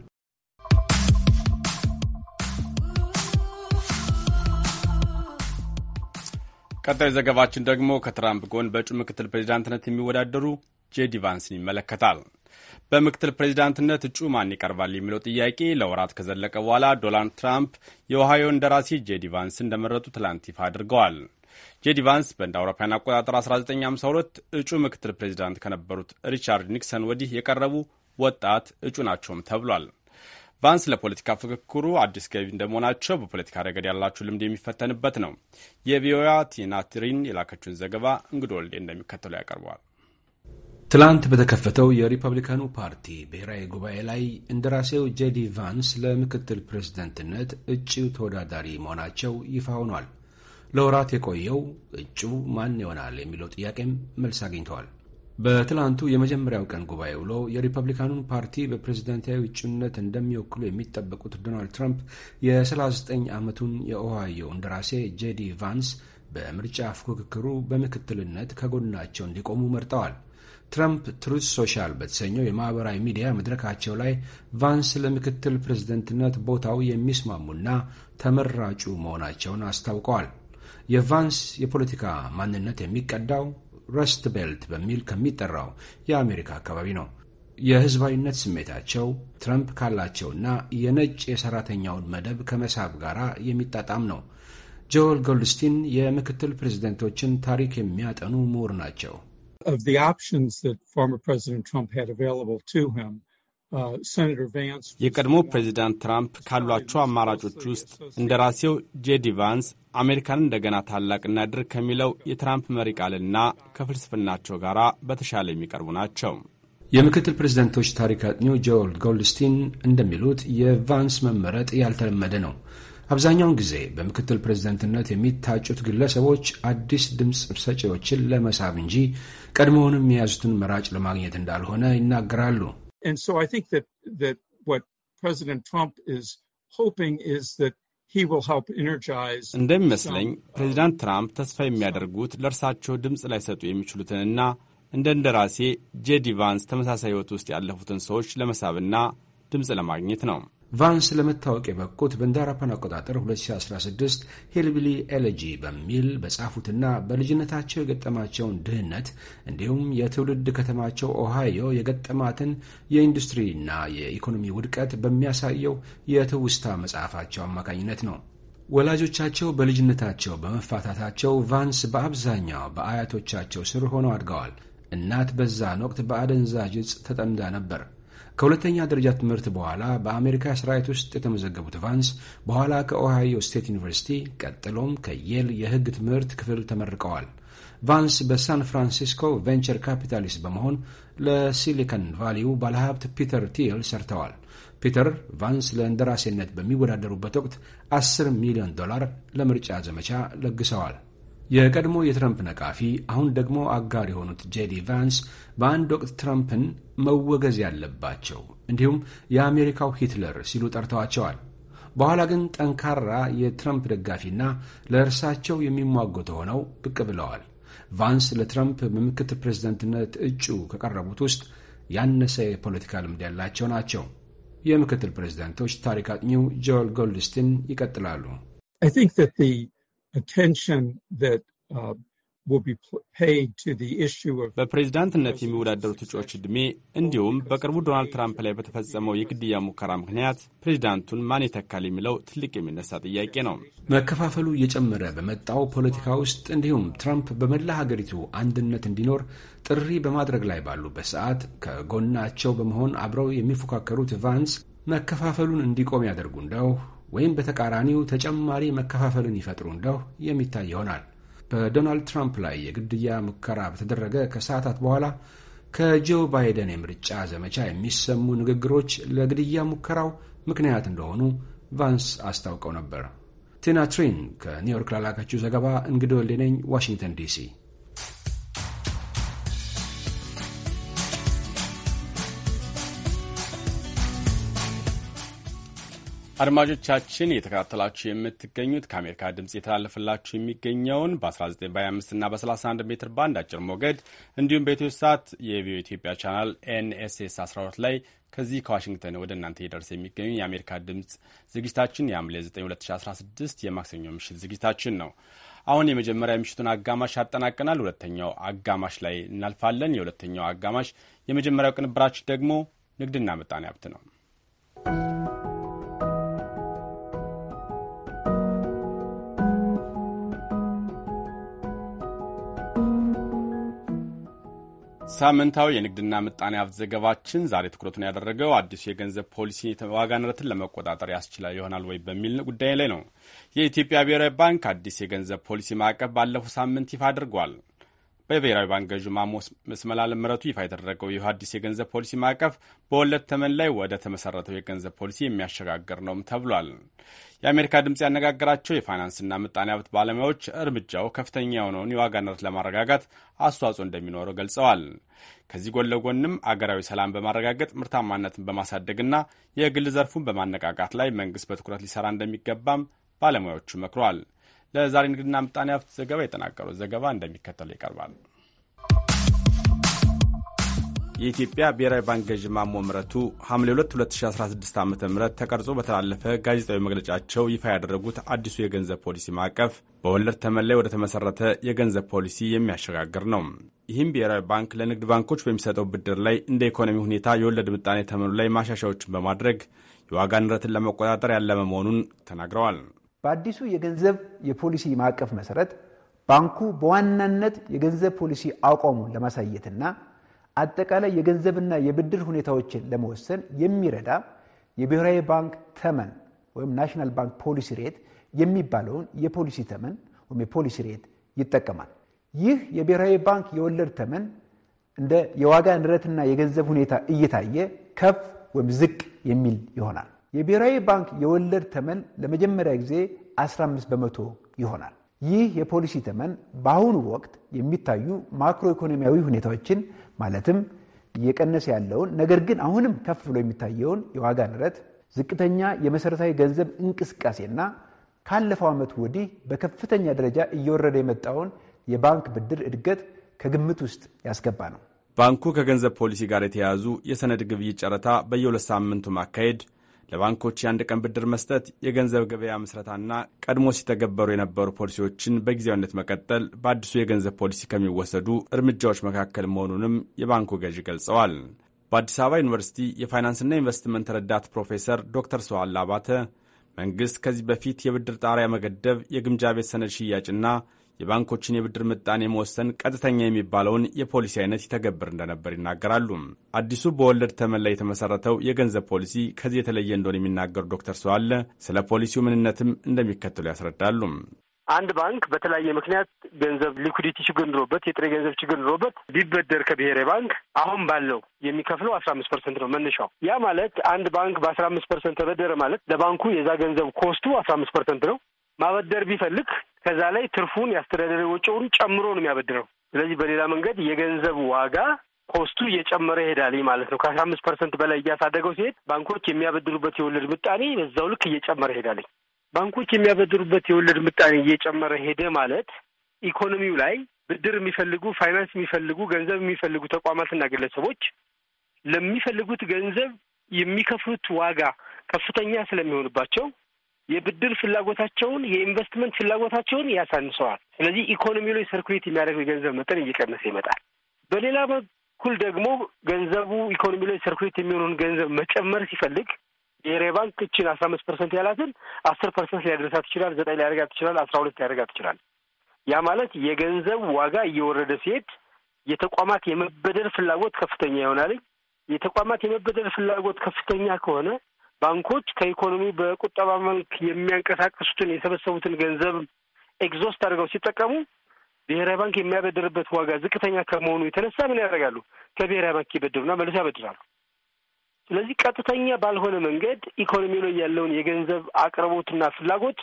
ቀጣዩ ዘገባችን ደግሞ ከትራምፕ ጎን በእጩ ምክትል ፕሬዚዳንትነት የሚወዳደሩ ጄዲ ቫንስን ይመለከታል። በምክትል ፕሬዚዳንትነት እጩ ማን ይቀርባል የሚለው ጥያቄ ለወራት ከዘለቀ በኋላ ዶናልድ ትራምፕ የኦሃዮ እንደራሲ ጄዲ ቫንስ እንደመረጡ ትላንት ይፋ አድርገዋል። ጄዲ ቫንስ በእንደ አውሮፓውያን አቆጣጠር 1952 እጩ ምክትል ፕሬዚዳንት ከነበሩት ሪቻርድ ኒክሰን ወዲህ የቀረቡ ወጣት እጩ ናቸውም ተብሏል። ቫንስ ለፖለቲካ ፍክክሩ አዲስ ገቢ እንደመሆናቸው በፖለቲካ ረገድ ያላችሁ ልምድ የሚፈተንበት ነው። የቪኦኤዋ ቲናትሪን የላከችውን ዘገባ እንግዶ ወልዴ እንደሚከተሉ ያቀርበዋል። ትላንት በተከፈተው የሪፐብሊካኑ ፓርቲ ብሔራዊ ጉባኤ ላይ እንደራሴው ጄዲ ቫንስ ለምክትል ፕሬዝደንትነት እጩ ተወዳዳሪ መሆናቸው ይፋ ሆኗል። ለወራት የቆየው እጩ ማን ይሆናል የሚለው ጥያቄም መልስ አግኝተዋል። በትላንቱ የመጀመሪያው ቀን ጉባኤ ውሎ የሪፐብሊካኑን ፓርቲ በፕሬዝደንታዊ እጩነት እንደሚወክሉ የሚጠበቁት ዶናልድ ትራምፕ የ39 ዓመቱን የኦሃዮ እንደራሴ ጄዲ ቫንስ በምርጫ ፉክክሩ በምክትልነት ከጎናቸው እንዲቆሙ መርጠዋል። ትራምፕ ትሩዝ ሶሻል በተሰኘው የማኅበራዊ ሚዲያ መድረካቸው ላይ ቫንስ ለምክትል ፕሬዝደንትነት ቦታው የሚስማሙና ተመራጩ መሆናቸውን አስታውቀዋል። የቫንስ የፖለቲካ ማንነት የሚቀዳው ረስት ቤልት በሚል ከሚጠራው የአሜሪካ አካባቢ ነው። የህዝባዊነት ስሜታቸው ትረምፕ ካላቸውና የነጭ የሰራተኛውን መደብ ከመሳብ ጋር የሚጣጣም ነው። ጆል ጎልድስቲን የምክትል ፕሬዝደንቶችን ታሪክ የሚያጠኑ ምሁር ናቸው። of the options that former President Trump had available to him, Uh, የቀድሞ ፕሬዚዳንት ትራምፕ ካሏቸው አማራጮች ውስጥ እንደራሴው ጄዲ ቫንስ አሜሪካን እንደገና ታላቅ እናድርግ ከሚለው የትራምፕ መሪ ቃልና ከፍልስፍናቸው ጋር በተሻለ የሚቀርቡ ናቸው። የምክትል ፕሬዚዳንቶች ታሪክ አጥኚው ጆል ጎልድስቲን እንደሚሉት የቫንስ መመረጥ ያልተለመደ ነው። አብዛኛውን ጊዜ በምክትል ፕሬዚዳንትነት የሚታጩት ግለሰቦች አዲስ ድምፅ ሰጪዎችን ለመሳብ እንጂ ቀድሞውንም የያዙትን መራጭ ለማግኘት እንዳልሆነ ይናገራሉ። and so I think that that what President Trump is hoping is that he will help energize እንደሚመስለኝ ፕሬዚዳንት ትራምፕ ተስፋ የሚያደርጉት ለእርሳቸው ድምፅ ላይሰጡ የሚችሉትንና እንደ እንደራሴ ጄዲ ቫንስ ተመሳሳይ ሕይወት ውስጥ ያለፉትን ሰዎች ለመሳብና ድምፅ ለማግኘት ነው። ቫንስ ለመታወቅ የበቁት በንዳራፓን አቆጣጠር 2016 ሂልቢሊ ኤለጂ በሚል በጻፉትና በልጅነታቸው የገጠማቸውን ድህነት እንዲሁም የትውልድ ከተማቸው ኦሃዮ የገጠማትን የኢንዱስትሪና የኢኮኖሚ ውድቀት በሚያሳየው የትውስታ መጽሐፋቸው አማካኝነት ነው። ወላጆቻቸው በልጅነታቸው በመፋታታቸው ቫንስ በአብዛኛው በአያቶቻቸው ስር ሆነው አድገዋል። እናት በዛን ወቅት በአደንዛዥ እጽ ተጠምዳ ነበር። ከሁለተኛ ደረጃ ትምህርት በኋላ በአሜሪካ ሰራዊት ውስጥ የተመዘገቡት ቫንስ በኋላ ከኦሃዮ ስቴት ዩኒቨርሲቲ ቀጥሎም ከየል የሕግ ትምህርት ክፍል ተመርቀዋል። ቫንስ በሳን ፍራንሲስኮ ቬንቸር ካፒታሊስት በመሆን ለሲሊከን ቫሊው ባለሀብት ፒተር ቲል ሰርተዋል። ፒተር ቫንስ ለእንደራሴነት በሚወዳደሩበት ወቅት 10 ሚሊዮን ዶላር ለምርጫ ዘመቻ ለግሰዋል። የቀድሞ የትረምፕ ነቃፊ አሁን ደግሞ አጋር የሆኑት ጄዲ ቫንስ በአንድ ወቅት ትረምፕን መወገዝ ያለባቸው እንዲሁም የአሜሪካው ሂትለር ሲሉ ጠርተዋቸዋል። በኋላ ግን ጠንካራ የትረምፕ ደጋፊና ለእርሳቸው የሚሟገቱ ሆነው ብቅ ብለዋል። ቫንስ ለትረምፕ በምክትል ፕሬዝደንትነት እጩ ከቀረቡት ውስጥ ያነሰ የፖለቲካ ልምድ ያላቸው ናቸው። የምክትል ፕሬዝደንቶች ታሪክ አጥኚው ጆል ጎልድስቲን ይቀጥላሉ። I think that the attention that በፕሬዝዳንትነት የሚወዳደሩት እጩዎች ዕድሜ እንዲሁም በቅርቡ ዶናልድ ትራምፕ ላይ በተፈጸመው የግድያ ሙከራ ምክንያት ፕሬዝዳንቱን ማን ይተካል የሚለው ትልቅ የሚነሳ ጥያቄ ነው። መከፋፈሉ እየጨመረ በመጣው ፖለቲካ ውስጥ እንዲሁም ትራምፕ በመላ ሀገሪቱ አንድነት እንዲኖር ጥሪ በማድረግ ላይ ባሉበት ሰዓት ከጎናቸው በመሆን አብረው የሚፎካከሩት ቫንስ መከፋፈሉን እንዲቆም ያደርጉ እንደው ወይም በተቃራኒው ተጨማሪ መከፋፈልን ይፈጥሩ እንደው የሚታይ ይሆናል። በዶናልድ ትራምፕ ላይ የግድያ ሙከራ በተደረገ ከሰዓታት በኋላ ከጆ ባይደን የምርጫ ዘመቻ የሚሰሙ ንግግሮች ለግድያ ሙከራው ምክንያት እንደሆኑ ቫንስ አስታውቀው ነበር። ቲና ትሪን ከኒውዮርክ ላላካችው ዘገባ እንግዶ ሌነኝ ዋሽንግተን ዲሲ አድማጮቻችን እየተከታተላችሁ የምትገኙት ከአሜሪካ ድምፅ እየተላለፈላችሁ የሚገኘውን በ19 በ25 እና በ31 ሜትር ባንድ አጭር ሞገድ እንዲሁም በኢትዮ ሳት የቪኦ ኢትዮጵያ ቻናል ኤንኤስኤስ 12 ላይ ከዚህ ከዋሽንግተን ወደ እናንተ እየደረሰ የሚገኙ የአሜሪካ ድምፅ ዝግጅታችን የሐምሌ 9 2016 የማክሰኞ ምሽት ዝግጅታችን ነው። አሁን የመጀመሪያ የምሽቱን አጋማሽ አጠናቀናል። ሁለተኛው አጋማሽ ላይ እናልፋለን። የሁለተኛው አጋማሽ የመጀመሪያው ቅንብራችን ደግሞ ንግድና ምጣኔ ሀብት ነው። ሳምንታዊ የንግድና ምጣኔ ሀብት ዘገባችን ዛሬ ትኩረቱን ያደረገው አዲሱ የገንዘብ ፖሊሲ የዋጋ ንረትን ለመቆጣጠር ያስችላል ይሆናል ወይ በሚል ጉዳይ ላይ ነው። የኢትዮጵያ ብሔራዊ ባንክ አዲስ የገንዘብ ፖሊሲ ማዕቀፍ ባለፈው ሳምንት ይፋ አድርጓል። በብሔራዊ ባንክ ገዢው ማሞ ስመላ ለምረቱ ይፋ የተደረገው ይህ አዲስ የገንዘብ ፖሊሲ ማዕቀፍ በወለድ ተመን ላይ ወደ ተመሰረተው የገንዘብ ፖሊሲ የሚያሸጋግር ነውም ተብሏል። የአሜሪካ ድምፅ ያነጋገራቸው የፋይናንስና ምጣኔ ሀብት ባለሙያዎች እርምጃው ከፍተኛ የሆነውን የዋጋ ንረት ለማረጋጋት አስተዋጽኦ እንደሚኖረው ገልጸዋል። ከዚህ ጎን ለጎንም አገራዊ ሰላም በማረጋገጥ ምርታማነትን በማሳደግና የግል ዘርፉን በማነቃቃት ላይ መንግስት በትኩረት ሊሰራ እንደሚገባም ባለሙያዎቹ መክረዋል። ለዛሬ ንግድና ምጣኔ ሀብት ዘገባ የጠናቀሩት ዘገባ እንደሚከተሉ ይቀርባል። የኢትዮጵያ ብሔራዊ ባንክ ገዥ ማሞ ምረቱ ሐምሌ 2 2016 ዓ ም ተቀርጾ በተላለፈ ጋዜጣዊ መግለጫቸው ይፋ ያደረጉት አዲሱ የገንዘብ ፖሊሲ ማዕቀፍ በወለድ ተመላይ ወደ ተመሠረተ የገንዘብ ፖሊሲ የሚያሸጋግር ነው። ይህም ብሔራዊ ባንክ ለንግድ ባንኮች በሚሰጠው ብድር ላይ እንደ ኢኮኖሚ ሁኔታ የወለድ ምጣኔ ተመኑ ላይ ማሻሻዎችን በማድረግ የዋጋ ንረትን ለመቆጣጠር ያለመ መሆኑን ተናግረዋል። በአዲሱ የገንዘብ የፖሊሲ ማዕቀፍ መሰረት ባንኩ በዋናነት የገንዘብ ፖሊሲ አቋሙን ለማሳየትና አጠቃላይ የገንዘብና የብድር ሁኔታዎችን ለመወሰን የሚረዳ የብሔራዊ ባንክ ተመን ወይም ናሽናል ባንክ ፖሊሲ ሬት የሚባለውን የፖሊሲ ተመን ወይም የፖሊሲ ሬት ይጠቀማል። ይህ የብሔራዊ ባንክ የወለድ ተመን እንደ የዋጋ ንረትና የገንዘብ ሁኔታ እየታየ ከፍ ወይም ዝቅ የሚል ይሆናል። የብሔራዊ ባንክ የወለድ ተመን ለመጀመሪያ ጊዜ 15 በመቶ ይሆናል። ይህ የፖሊሲ ተመን በአሁኑ ወቅት የሚታዩ ማክሮ ኢኮኖሚያዊ ሁኔታዎችን ማለትም እየቀነሰ ያለውን ነገር ግን አሁንም ከፍ ብሎ የሚታየውን የዋጋ ንረት፣ ዝቅተኛ የመሠረታዊ ገንዘብ እንቅስቃሴና ካለፈው ዓመት ወዲህ በከፍተኛ ደረጃ እየወረደ የመጣውን የባንክ ብድር እድገት ከግምት ውስጥ ያስገባ ነው። ባንኩ ከገንዘብ ፖሊሲ ጋር የተያያዙ የሰነድ ግብይት ጨረታ በየሁለት ሳምንቱ ማካሄድ ለባንኮች የአንድ ቀን ብድር መስጠት፣ የገንዘብ ገበያ ምስረታና ቀድሞ ሲተገበሩ የነበሩ ፖሊሲዎችን በጊዜያዊነት መቀጠል በአዲሱ የገንዘብ ፖሊሲ ከሚወሰዱ እርምጃዎች መካከል መሆኑንም የባንኩ ገዢ ገልጸዋል። በአዲስ አበባ ዩኒቨርሲቲ የፋይናንስና ኢንቨስትመንት ረዳት ፕሮፌሰር ዶክተር ሰዋላ አባተ መንግሥት ከዚህ በፊት የብድር ጣሪያ መገደብ፣ የግምጃ ቤት ሰነድ ሽያጭና የባንኮችን የብድር ምጣኔ መወሰን ቀጥተኛ የሚባለውን የፖሊሲ አይነት ይተገብር እንደነበር ይናገራሉ። አዲሱ በወለድ ላይ የተመሰረተው የገንዘብ ፖሊሲ ከዚህ የተለየ እንደሆነ የሚናገሩ ዶክተር ሰዋለ ስለ ፖሊሲው ምንነትም እንደሚከተሉ ያስረዳሉ። አንድ ባንክ በተለያየ ምክንያት ገንዘብ ሊኩዲቲ ችግር ኑሮበት የጥሬ ገንዘብ ችግር ኑሮበት ቢበደር ከብሔራዊ ባንክ አሁን ባለው የሚከፍለው አስራ አምስት ፐርሰንት ነው መነሻው። ያ ማለት አንድ ባንክ በአስራ አምስት ፐርሰንት ተበደረ ማለት ለባንኩ የዛ ገንዘብ ኮስቱ አስራ አምስት ፐርሰንት ነው። ማበደር ቢፈልግ ከዛ ላይ ትርፉን የአስተዳደር ወጪውን ጨምሮ ነው የሚያበድረው። ስለዚህ በሌላ መንገድ የገንዘብ ዋጋ ኮስቱ እየጨመረ ይሄዳል ማለት ነው። ከአስራ አምስት ፐርሰንት በላይ እያሳደገው ሲሄድ ባንኮች የሚያበድሩበት የወለድ ምጣኔ በዛው ልክ እየጨመረ ይሄዳል። ባንኮች የሚያበድሩበት የወለድ ምጣኔ እየጨመረ ሄደ ማለት ኢኮኖሚው ላይ ብድር የሚፈልጉ ፋይናንስ የሚፈልጉ ገንዘብ የሚፈልጉ ተቋማትና ግለሰቦች ለሚፈልጉት ገንዘብ የሚከፍሉት ዋጋ ከፍተኛ ስለሚሆንባቸው የብድር ፍላጎታቸውን የኢንቨስትመንት ፍላጎታቸውን ያሳንሰዋል። ስለዚህ ኢኮኖሚ ላይ ሰርኩሌት የሚያደርግ የገንዘብ መጠን እየቀነሰ ይመጣል። በሌላ በኩል ደግሞ ገንዘቡ ኢኮኖሚ ላይ ሰርኩሌት የሚሆነውን ገንዘብ መጨመር ሲፈልግ ብሔራዊ ባንክ እችን አስራ አምስት ፐርሰንት ያላትን አስር ፐርሰንት ሊያደርሳት ይችላል፣ ዘጠኝ ሊያደርጋት ይችላል፣ አስራ ሁለት ሊያደርጋት ይችላል። ያ ማለት የገንዘብ ዋጋ እየወረደ ሲሄድ የተቋማት የመበደር ፍላጎት ከፍተኛ ይሆናል። የተቋማት የመበደር ፍላጎት ከፍተኛ ከሆነ ባንኮች ከኢኮኖሚ በቁጠባ መልክ የሚያንቀሳቀሱትን የሰበሰቡትን ገንዘብ ኤግዞስት አድርገው ሲጠቀሙ ብሔራዊ ባንክ የሚያበድርበት ዋጋ ዝቅተኛ ከመሆኑ የተነሳ ምን ያደርጋሉ? ከብሔራዊ ባንክ ይበድሩና መልሶ ያበድራሉ። ስለዚህ ቀጥተኛ ባልሆነ መንገድ ኢኮኖሚ ላይ ያለውን የገንዘብ አቅርቦትና ፍላጎት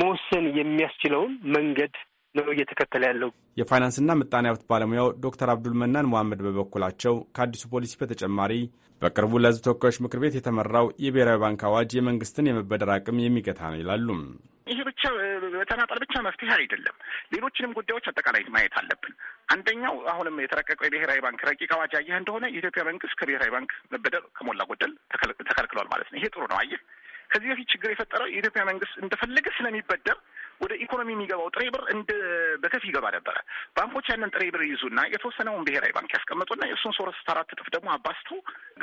መወሰን የሚያስችለውን መንገድ ነው እየተከተለ ያለው። የፋይናንስና ምጣኔ ሀብት ባለሙያው ዶክተር አብዱል መናን መሐመድ በበኩላቸው ከአዲሱ ፖሊሲ በተጨማሪ በቅርቡ ለሕዝብ ተወካዮች ምክር ቤት የተመራው የብሔራዊ ባንክ አዋጅ የመንግስትን የመበደር አቅም የሚገታ ነው ይላሉ። ይህ ብቻ በተናጠል ብቻ መፍትሄ አይደለም። ሌሎችንም ጉዳዮች አጠቃላይ ማየት አለብን። አንደኛው አሁንም የተረቀቀው የብሔራዊ ባንክ ረቂቅ አዋጅ አየህ እንደሆነ የኢትዮጵያ መንግስት ከብሔራዊ ባንክ መበደር ከሞላ ጎደል ተከልክሏል ማለት ነው። ይሄ ጥሩ ነው። አየህ ከዚህ በፊት ችግር የፈጠረው የኢትዮጵያ መንግስት እንደፈለገ ስለሚበደር ወደ ኢኮኖሚ የሚገባው ጥሬ ብር እንደ በከፊ ይገባ ነበረ። ባንኮች ያንን ጥሬ ብር ይዙና የተወሰነውን ብሔራዊ ባንክ ያስቀምጡና የእሱን ሶስት አራት እጥፍ ደግሞ አባስቶ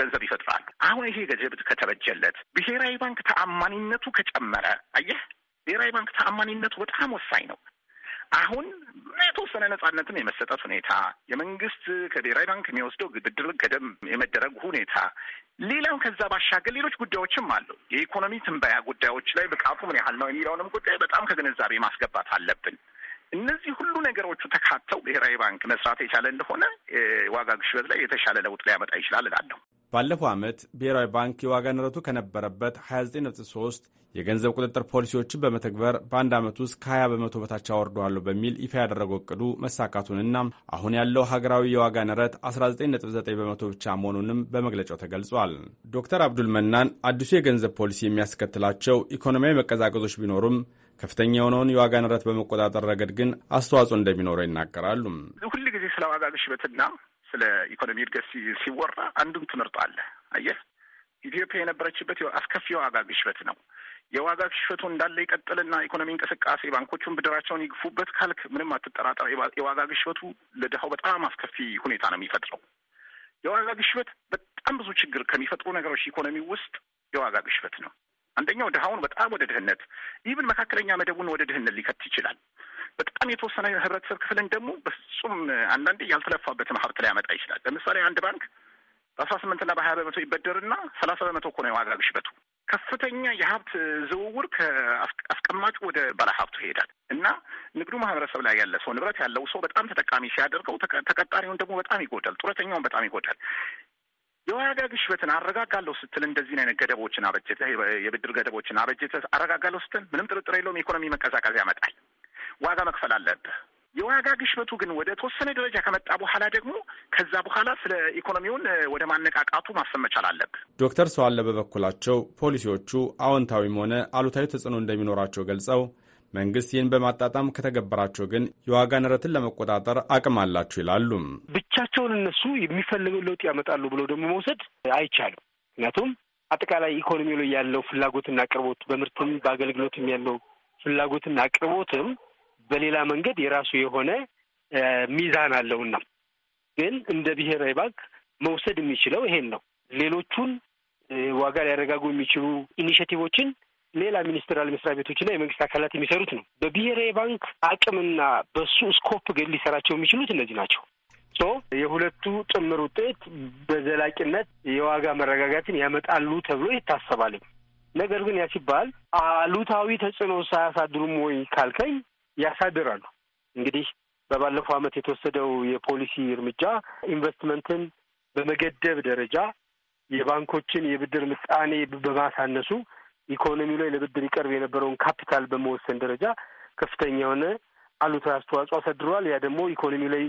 ገንዘብ ይፈጥራል። አሁን ይሄ ገንዘብ ከተበጀለት ብሔራዊ ባንክ ተአማኒነቱ ከጨመረ አየህ ብሔራዊ ባንክ ተአማኒነቱ በጣም ወሳኝ ነው። አሁን የተወሰነ ነጻነትም የመሰጠት ሁኔታ፣ የመንግስት ከብሔራዊ ባንክ የሚወስደው ብድር ገደም የመደረግ ሁኔታ፣ ሌላው ከዛ ባሻገር ሌሎች ጉዳዮችም አሉ። የኢኮኖሚ ትንበያ ጉዳዮች ላይ ብቃቱ ምን ያህል ነው የሚለውንም ጉዳይ በጣም ከግንዛቤ ማስገባት አለብን። እነዚህ ሁሉ ነገሮቹ ተካተው ብሔራዊ ባንክ መስራት የቻለ እንደሆነ ዋጋ ግሽበት ላይ የተሻለ ለውጥ ሊያመጣ ይችላል እላለሁ። ባለፈው ዓመት ብሔራዊ ባንክ የዋጋ ንረቱ ከነበረበት 29.3 የገንዘብ ቁጥጥር ፖሊሲዎችን በመተግበር በአንድ ዓመት ውስጥ ከ20 በመቶ በታች አወርደዋለሁ በሚል ይፋ ያደረገው እቅዱ መሳካቱንና አሁን ያለው ሀገራዊ የዋጋ ንረት 19.9 በመቶ ብቻ መሆኑንም በመግለጫው ተገልጿል። ዶክተር አብዱል መናን አዲሱ የገንዘብ ፖሊሲ የሚያስከትላቸው ኢኮኖሚያዊ መቀዛቀዞች ቢኖሩም ከፍተኛ የሆነውን የዋጋ ንረት በመቆጣጠር ረገድ ግን አስተዋጽኦ እንደሚኖረው ይናገራሉ። ሁል ጊዜ ስለ ዋጋ ግሽበትና ስለ ኢኮኖሚ እድገት ሲወራ አንዱን ትምህርት አለ። አየህ ኢትዮጵያ የነበረችበት አስከፊ የዋጋ ግሽበት ነው። የዋጋ ግሽበቱ እንዳለ ይቀጥልና ኢኮኖሚ እንቅስቃሴ ባንኮቹን ብድራቸውን ይግፉበት ካልክ ምንም አትጠራጠር፣ የዋጋ ግሽበቱ ለድሀው በጣም አስከፊ ሁኔታ ነው የሚፈጥረው። የዋጋ ግሽበት በጣም ብዙ ችግር ከሚፈጥሩ ነገሮች ኢኮኖሚ ውስጥ የዋጋ ግሽበት ነው። አንደኛው ድሃውን በጣም ወደ ድህነት ኢቭን መካከለኛ መደቡን ወደ ድህነት ሊከት ይችላል። በጣም የተወሰነ ህብረተሰብ ክፍልን ደግሞ በፍጹም አንዳንዴ ያልተለፋበትን ሀብት ላይ ያመጣ ይችላል። ለምሳሌ አንድ ባንክ በአስራ ስምንትና በሀያ በመቶ ይበደርና ሰላሳ በመቶ እኮ ነው የዋጋ ግሽበቱ። ከፍተኛ የሀብት ዝውውር ከአስቀማጩ ወደ ባለሀብቱ ይሄዳል እና ንግዱ ማህበረሰብ ላይ ያለ ሰው ንብረት ያለው ሰው በጣም ተጠቃሚ ሲያደርገው፣ ተቀጣሪውን ደግሞ በጣም ይጎዳል፣ ጡረተኛውን በጣም ይጎዳል። የዋጋ ግሽበትን አረጋጋለሁ ስትል እንደዚህ አይነት ገደቦችን አበጀተ፣ የብድር ገደቦችን አበጀተ። አረጋጋለሁ ስትል ምንም ጥርጥር የለውም የኢኮኖሚ መቀዛቀዝ ያመጣል። ዋጋ መክፈል አለብህ። የዋጋ ግሽበቱ ግን ወደ ተወሰነ ደረጃ ከመጣ በኋላ ደግሞ ከዛ በኋላ ስለ ኢኮኖሚውን ወደ ማነቃቃቱ ማሰብ መቻል አለብህ። ዶክተር ሰዋለ በበኩላቸው ፖሊሲዎቹ አዎንታዊም ሆነ አሉታዊ ተጽዕኖ እንደሚኖራቸው ገልጸው መንግስት ይህን በማጣጣም ከተገበራቸው ግን የዋጋ ንረትን ለመቆጣጠር አቅም አላቸው ይላሉ። ብቻቸውን እነሱ የሚፈልገው ለውጥ ያመጣሉ ብሎ ደግሞ መውሰድ አይቻልም። ምክንያቱም አጠቃላይ ኢኮኖሚ ላይ ያለው ፍላጎትና አቅርቦት በምርትም በአገልግሎትም ያለው ፍላጎትና አቅርቦትም በሌላ መንገድ የራሱ የሆነ ሚዛን አለውና ግን እንደ ብሔራዊ ባንክ መውሰድ የሚችለው ይሄን ነው። ሌሎቹን ዋጋ ሊያረጋጉ የሚችሉ ኢኒሽቲቮችን ሌላ ሚኒስትራል መስሪያ ቤቶችና የመንግስት አካላት የሚሰሩት ነው። በብሔራዊ ባንክ አቅምና በሱ ስኮፕ ግን ሊሰራቸው የሚችሉት እነዚህ ናቸው። ሶ የሁለቱ ጥምር ውጤት በዘላቂነት የዋጋ መረጋጋትን ያመጣሉ ተብሎ ይታሰባል። ነገር ግን ያ ሲባል አሉታዊ ተጽዕኖ ሳያሳድሩም ወይ ካልከኝ ያሳድራሉ። እንግዲህ በባለፈው ዓመት የተወሰደው የፖሊሲ እርምጃ ኢንቨስትመንትን በመገደብ ደረጃ የባንኮችን የብድር ምጣኔ በማሳነሱ ኢኮኖሚው ላይ ለብድር ይቀርብ የነበረውን ካፒታል በመወሰን ደረጃ ከፍተኛ የሆነ አሉታዊ አስተዋጽኦ አሳድረዋል። ያ ደግሞ ኢኮኖሚው ላይ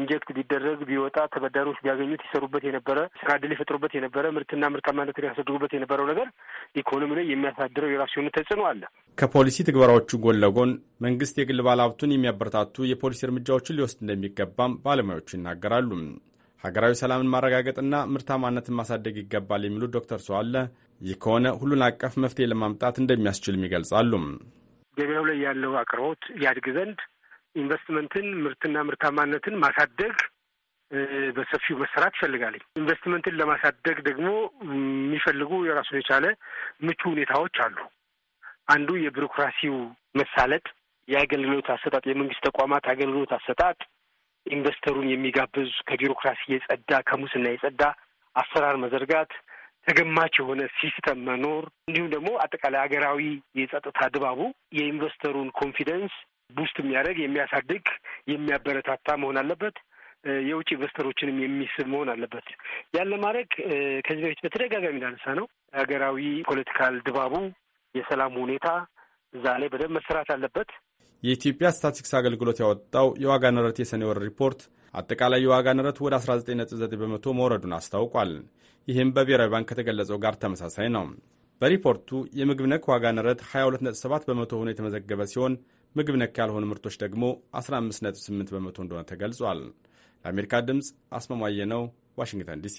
ኢንጀክት ቢደረግ ቢወጣ ተበዳሪዎች ቢያገኙት ይሰሩበት የነበረ ስራ ዕድል ይፈጥሩበት የነበረ ምርትና ምርታማነትን ያሳድጉበት የነበረው ነገር ኢኮኖሚ ላይ የሚያሳድረው የራሱ የሆነ ተጽዕኖ አለ። ከፖሊሲ ትግበራዎቹ ጎን ለጎን መንግስት የግል ባለሀብቱን የሚያበረታቱ የፖሊሲ እርምጃዎችን ሊወስድ እንደሚገባም ባለሙያዎቹ ይናገራሉ። ሀገራዊ ሰላምን ማረጋገጥና ምርታማነትን ማሳደግ ይገባል የሚሉት ዶክተር ሰዋለ ይህ ከሆነ ሁሉን አቀፍ መፍትሄ ለማምጣት እንደሚያስችልም ይገልጻሉ። ገበያው ላይ ያለው አቅርቦት ያድግ ዘንድ ኢንቨስትመንትን፣ ምርትና ምርታማነትን ማሳደግ በሰፊው መሰራት ይፈልጋል። ኢንቨስትመንትን ለማሳደግ ደግሞ የሚፈልጉ የራሱን የቻለ ምቹ ሁኔታዎች አሉ። አንዱ የቢሮክራሲው መሳለጥ፣ የአገልግሎት አሰጣጥ የመንግስት ተቋማት አገልግሎት አሰጣጥ ኢንቨስተሩን የሚጋብዝ ከቢሮክራሲ የጸዳ ከሙስና የጸዳ አሰራር መዘርጋት፣ ተገማች የሆነ ሲስተም መኖር እንዲሁም ደግሞ አጠቃላይ ሀገራዊ የጸጥታ ድባቡ የኢንቨስተሩን ኮንፊደንስ ቡስት የሚያደርግ የሚያሳድግ፣ የሚያበረታታ መሆን አለበት። የውጭ ኢንቨስተሮችንም የሚስብ መሆን አለበት። ያን ለማድረግ ከዚህ በፊት በተደጋጋሚ እንዳነሳ ነው ሀገራዊ ፖለቲካል ድባቡ የሰላም ሁኔታ እዛ ላይ በደንብ መሰራት አለበት። የኢትዮጵያ ስታቲስቲክስ አገልግሎት ያወጣው የዋጋ ንረት የሰኔ ወር ሪፖርት አጠቃላይ የዋጋ ንረት ወደ 19.9 በመቶ መውረዱን አስታውቋል። ይህም በብሔራዊ ባንክ ከተገለጸው ጋር ተመሳሳይ ነው። በሪፖርቱ የምግብ ነክ ዋጋ ንረት 22.7 በመቶ ሆኖ የተመዘገበ ሲሆን ምግብ ነክ ያልሆኑ ምርቶች ደግሞ 15.8 በመቶ እንደሆነ ተገልጿል። ለአሜሪካ ድምፅ አስማማየ ነው፣ ዋሽንግተን ዲሲ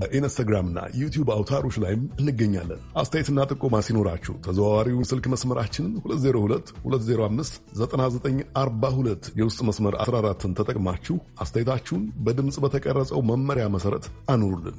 በኢንስታግራምና ዩቲዩብ አውታሮች ላይም እንገኛለን። አስተያየትና ጥቆማ ሲኖራችሁ ተዘዋዋሪውን ስልክ መስመራችንን 2022059942 የውስጥ መስመር 14ን ተጠቅማችሁ አስተያየታችሁን በድምፅ በተቀረጸው መመሪያ መሰረት አኑሩልን።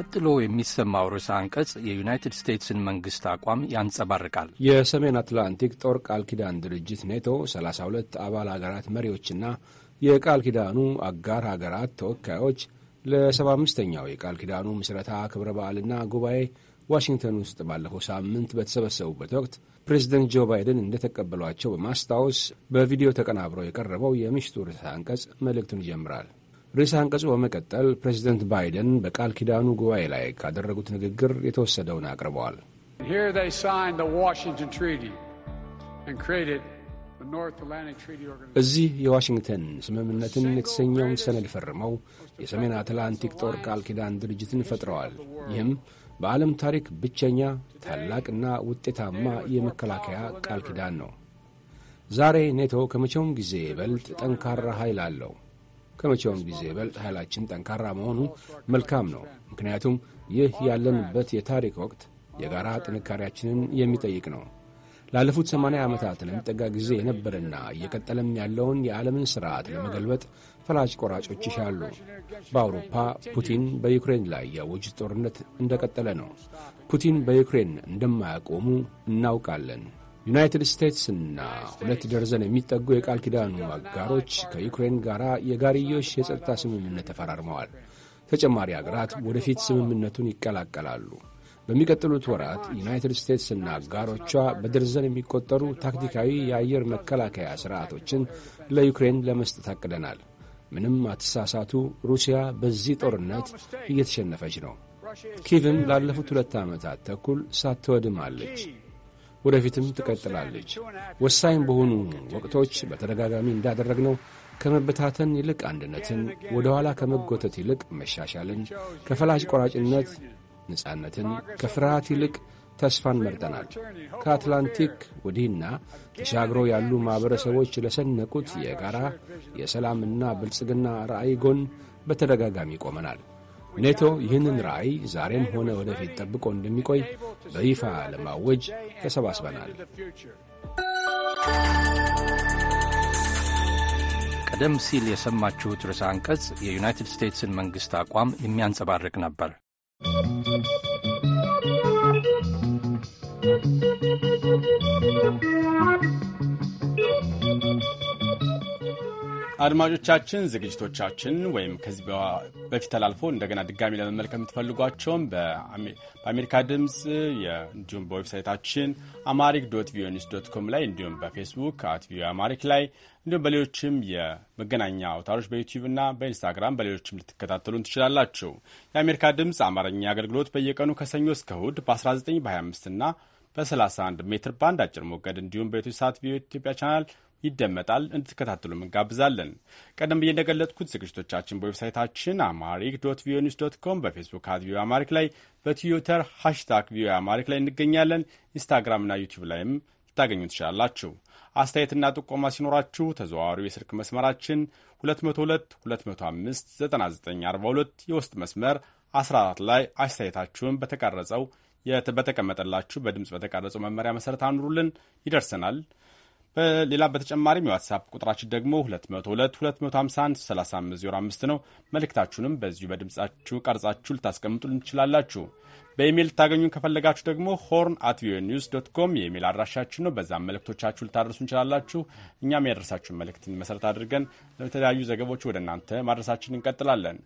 ቀጥሎ የሚሰማው ርዕሰ አንቀጽ የዩናይትድ ስቴትስን መንግስት አቋም ያንጸባርቃል። የሰሜን አትላንቲክ ጦር ቃል ኪዳን ድርጅት ኔቶ 32 አባል ሀገራት መሪዎችና የቃል ኪዳኑ አጋር ሀገራት ተወካዮች ለ75ኛው የቃል ኪዳኑ ምስረታ ክብረ በዓልና ጉባኤ ዋሽንግተን ውስጥ ባለፈው ሳምንት በተሰበሰቡበት ወቅት ፕሬዝደንት ጆ ባይደን እንደተቀበሏቸው በማስታወስ በቪዲዮ ተቀናብረው የቀረበው የምሽቱ ርዕሰ አንቀጽ መልእክቱን ይጀምራል። ርዕሰ አንቀጹ በመቀጠል ፕሬዚደንት ባይደን በቃል ኪዳኑ ጉባኤ ላይ ካደረጉት ንግግር የተወሰደውን አቅርበዋል። እዚህ የዋሽንግተን ስምምነትን የተሰኘውን ሰነድ ፈርመው የሰሜን አትላንቲክ ጦር ቃል ኪዳን ድርጅትን ፈጥረዋል። ይህም በዓለም ታሪክ ብቸኛ ታላቅና ውጤታማ የመከላከያ ቃል ኪዳን ነው። ዛሬ ኔቶ ከመቼውም ጊዜ ይበልጥ ጠንካራ ኃይል አለው። ከመቼውም ጊዜ ይበልጥ ኃይላችን ጠንካራ መሆኑ መልካም ነው። ምክንያቱም ይህ ያለንበት የታሪክ ወቅት የጋራ ጥንካሬያችንን የሚጠይቅ ነው። ላለፉት ሰማንያ ዓመታት ለሚጠጋ ጊዜ የነበረና እየቀጠለም ያለውን የዓለምን ሥርዓት ለመገልበጥ ፈላጭ ቆራጮች ይሻሉ። በአውሮፓ ፑቲን በዩክሬን ላይ ያወጁት ጦርነት እንደቀጠለ ነው። ፑቲን በዩክሬን እንደማያቆሙ እናውቃለን። ዩናይትድ ስቴትስና ሁለት ደርዘን የሚጠጉ የቃል ኪዳኑ አጋሮች ከዩክሬን ጋር የጋርዮሽ የጸጥታ ስምምነት ተፈራርመዋል። ተጨማሪ አገራት ወደፊት ስምምነቱን ይቀላቀላሉ። በሚቀጥሉት ወራት ዩናይትድ ስቴትስና አጋሮቿ በደርዘን የሚቆጠሩ ታክቲካዊ የአየር መከላከያ ሥርዓቶችን ለዩክሬን ለመስጠት አቅደናል። ምንም አትሳሳቱ፣ ሩሲያ በዚህ ጦርነት እየተሸነፈች ነው። ኪቭም ላለፉት ሁለት ዓመታት ተኩል ሳትወድም አለች። ወደፊትም ትቀጥላለች። ወሳኝ በሆኑ ወቅቶች በተደጋጋሚ እንዳደረግነው ከመበታተን ይልቅ አንድነትን፣ ወደ ኋላ ከመጎተት ይልቅ መሻሻልን፣ ከፈላጭ ቆራጭነት ነጻነትን፣ ከፍርሃት ይልቅ ተስፋን መርጠናል። ከአትላንቲክ ወዲህና ተሻግሮ ያሉ ማኅበረሰቦች ለሰነቁት የጋራ የሰላምና ብልጽግና ራዕይ ጎን በተደጋጋሚ ቆመናል። ኔቶ ይህንን ራዕይ ዛሬም ሆነ ወደፊት ጠብቆ እንደሚቆይ በይፋ ለማወጅ ተሰባስበናል። ቀደም ሲል የሰማችሁት ርዕሰ አንቀጽ የዩናይትድ ስቴትስን መንግሥት አቋም የሚያንጸባርቅ ነበር። አድማጮቻችን ዝግጅቶቻችን ወይም ከዚህ በፊት ተላልፎ እንደገና ድጋሚ ለመመልከት የምትፈልጓቸውም በአሜሪካ ድምፅ እንዲሁም በዌብሳይታችን አማሪክ ዶት ቪኦኤ ዶት ኮም ላይ እንዲሁም በፌስቡክ አት ቪኦኤ አማሪክ ላይ እንዲሁም በሌሎችም የመገናኛ አውታሮች በዩቲዩብ እና በኢንስታግራም በሌሎችም ልትከታተሉን ትችላላችሁ። የአሜሪካ ድምፅ አማርኛ አገልግሎት በየቀኑ ከሰኞ እስከ እሁድ በ19 በ25 እና በ31 ሜትር ባንድ አጭር ሞገድ እንዲሁም በኢትዮ ሰዓት ቪኦኤ ኢትዮጵያ ቻናል ይደመጣል። እንድትከታተሉም እንጋብዛለን። ቀደም ብዬ እንደገለጥኩት ዝግጅቶቻችን በዌብሳይታችን አማሪክ ዶት ቪኦኤ ኒውስ ዶት ኮም፣ በፌስቡክ አት ቪኦኤ አማሪክ ላይ፣ በትዊተር ሃሽታግ ቪኦኤ አማሪክ ላይ እንገኛለን። ኢንስታግራምና ዩቲዩብ ላይም ልታገኙ ትችላላችሁ። አስተያየትና ጥቆማ ሲኖራችሁ ተዘዋዋሪው የስልክ መስመራችን 202 የውስጥ መስመር 14 ላይ አስተያየታችሁን በተቀረጸው በተቀመጠላችሁ በድምፅ በተቀረጸው መመሪያ መሠረት አኑሩልን፣ ይደርሰናል። በሌላ በተጨማሪም የዋትሳፕ ቁጥራችን ደግሞ 222 ነው። መልእክታችሁንም በዚሁ በድምጻችሁ ቀርጻችሁ ልታስቀምጡ እንችላላችሁ። በኢሜይል ልታገኙን ከፈለጋችሁ ደግሞ ሆርን አት ቪኦኤ ኒውስ ዶት ኮም የኢሜይል አድራሻችን ነው። በዛም መልእክቶቻችሁ ልታደርሱ እንችላላችሁ። እኛም ያደረሳችሁን መልእክት መሰረት አድርገን ለተለያዩ ዘገቦች ወደ እናንተ ማድረሳችን እንቀጥላለን።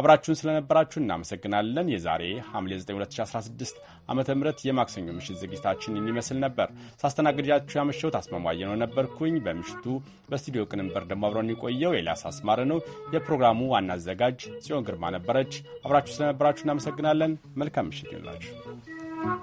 አብራችሁን ስለነበራችሁ እናመሰግናለን። የዛሬ ሐምሌ 9 2016 ዓ ም የማክሰኞ ምሽት ዝግጅታችን የሚመስል ነበር። ሳስተናግዳችሁ ያመሸሁት አስማማየ ነው ነበርኩኝ። በምሽቱ በስቱዲዮ ቅንብር ደግሞ አብረን የቆየው ኤልያስ አስማረ ነው። የፕሮግራሙ ዋና አዘጋጅ ጽዮን ግርማ ነበረች። አብራችሁ ስለነበራችሁ እናመሰግናለን። መልካም ምሽት። ታደርጋላችሁ።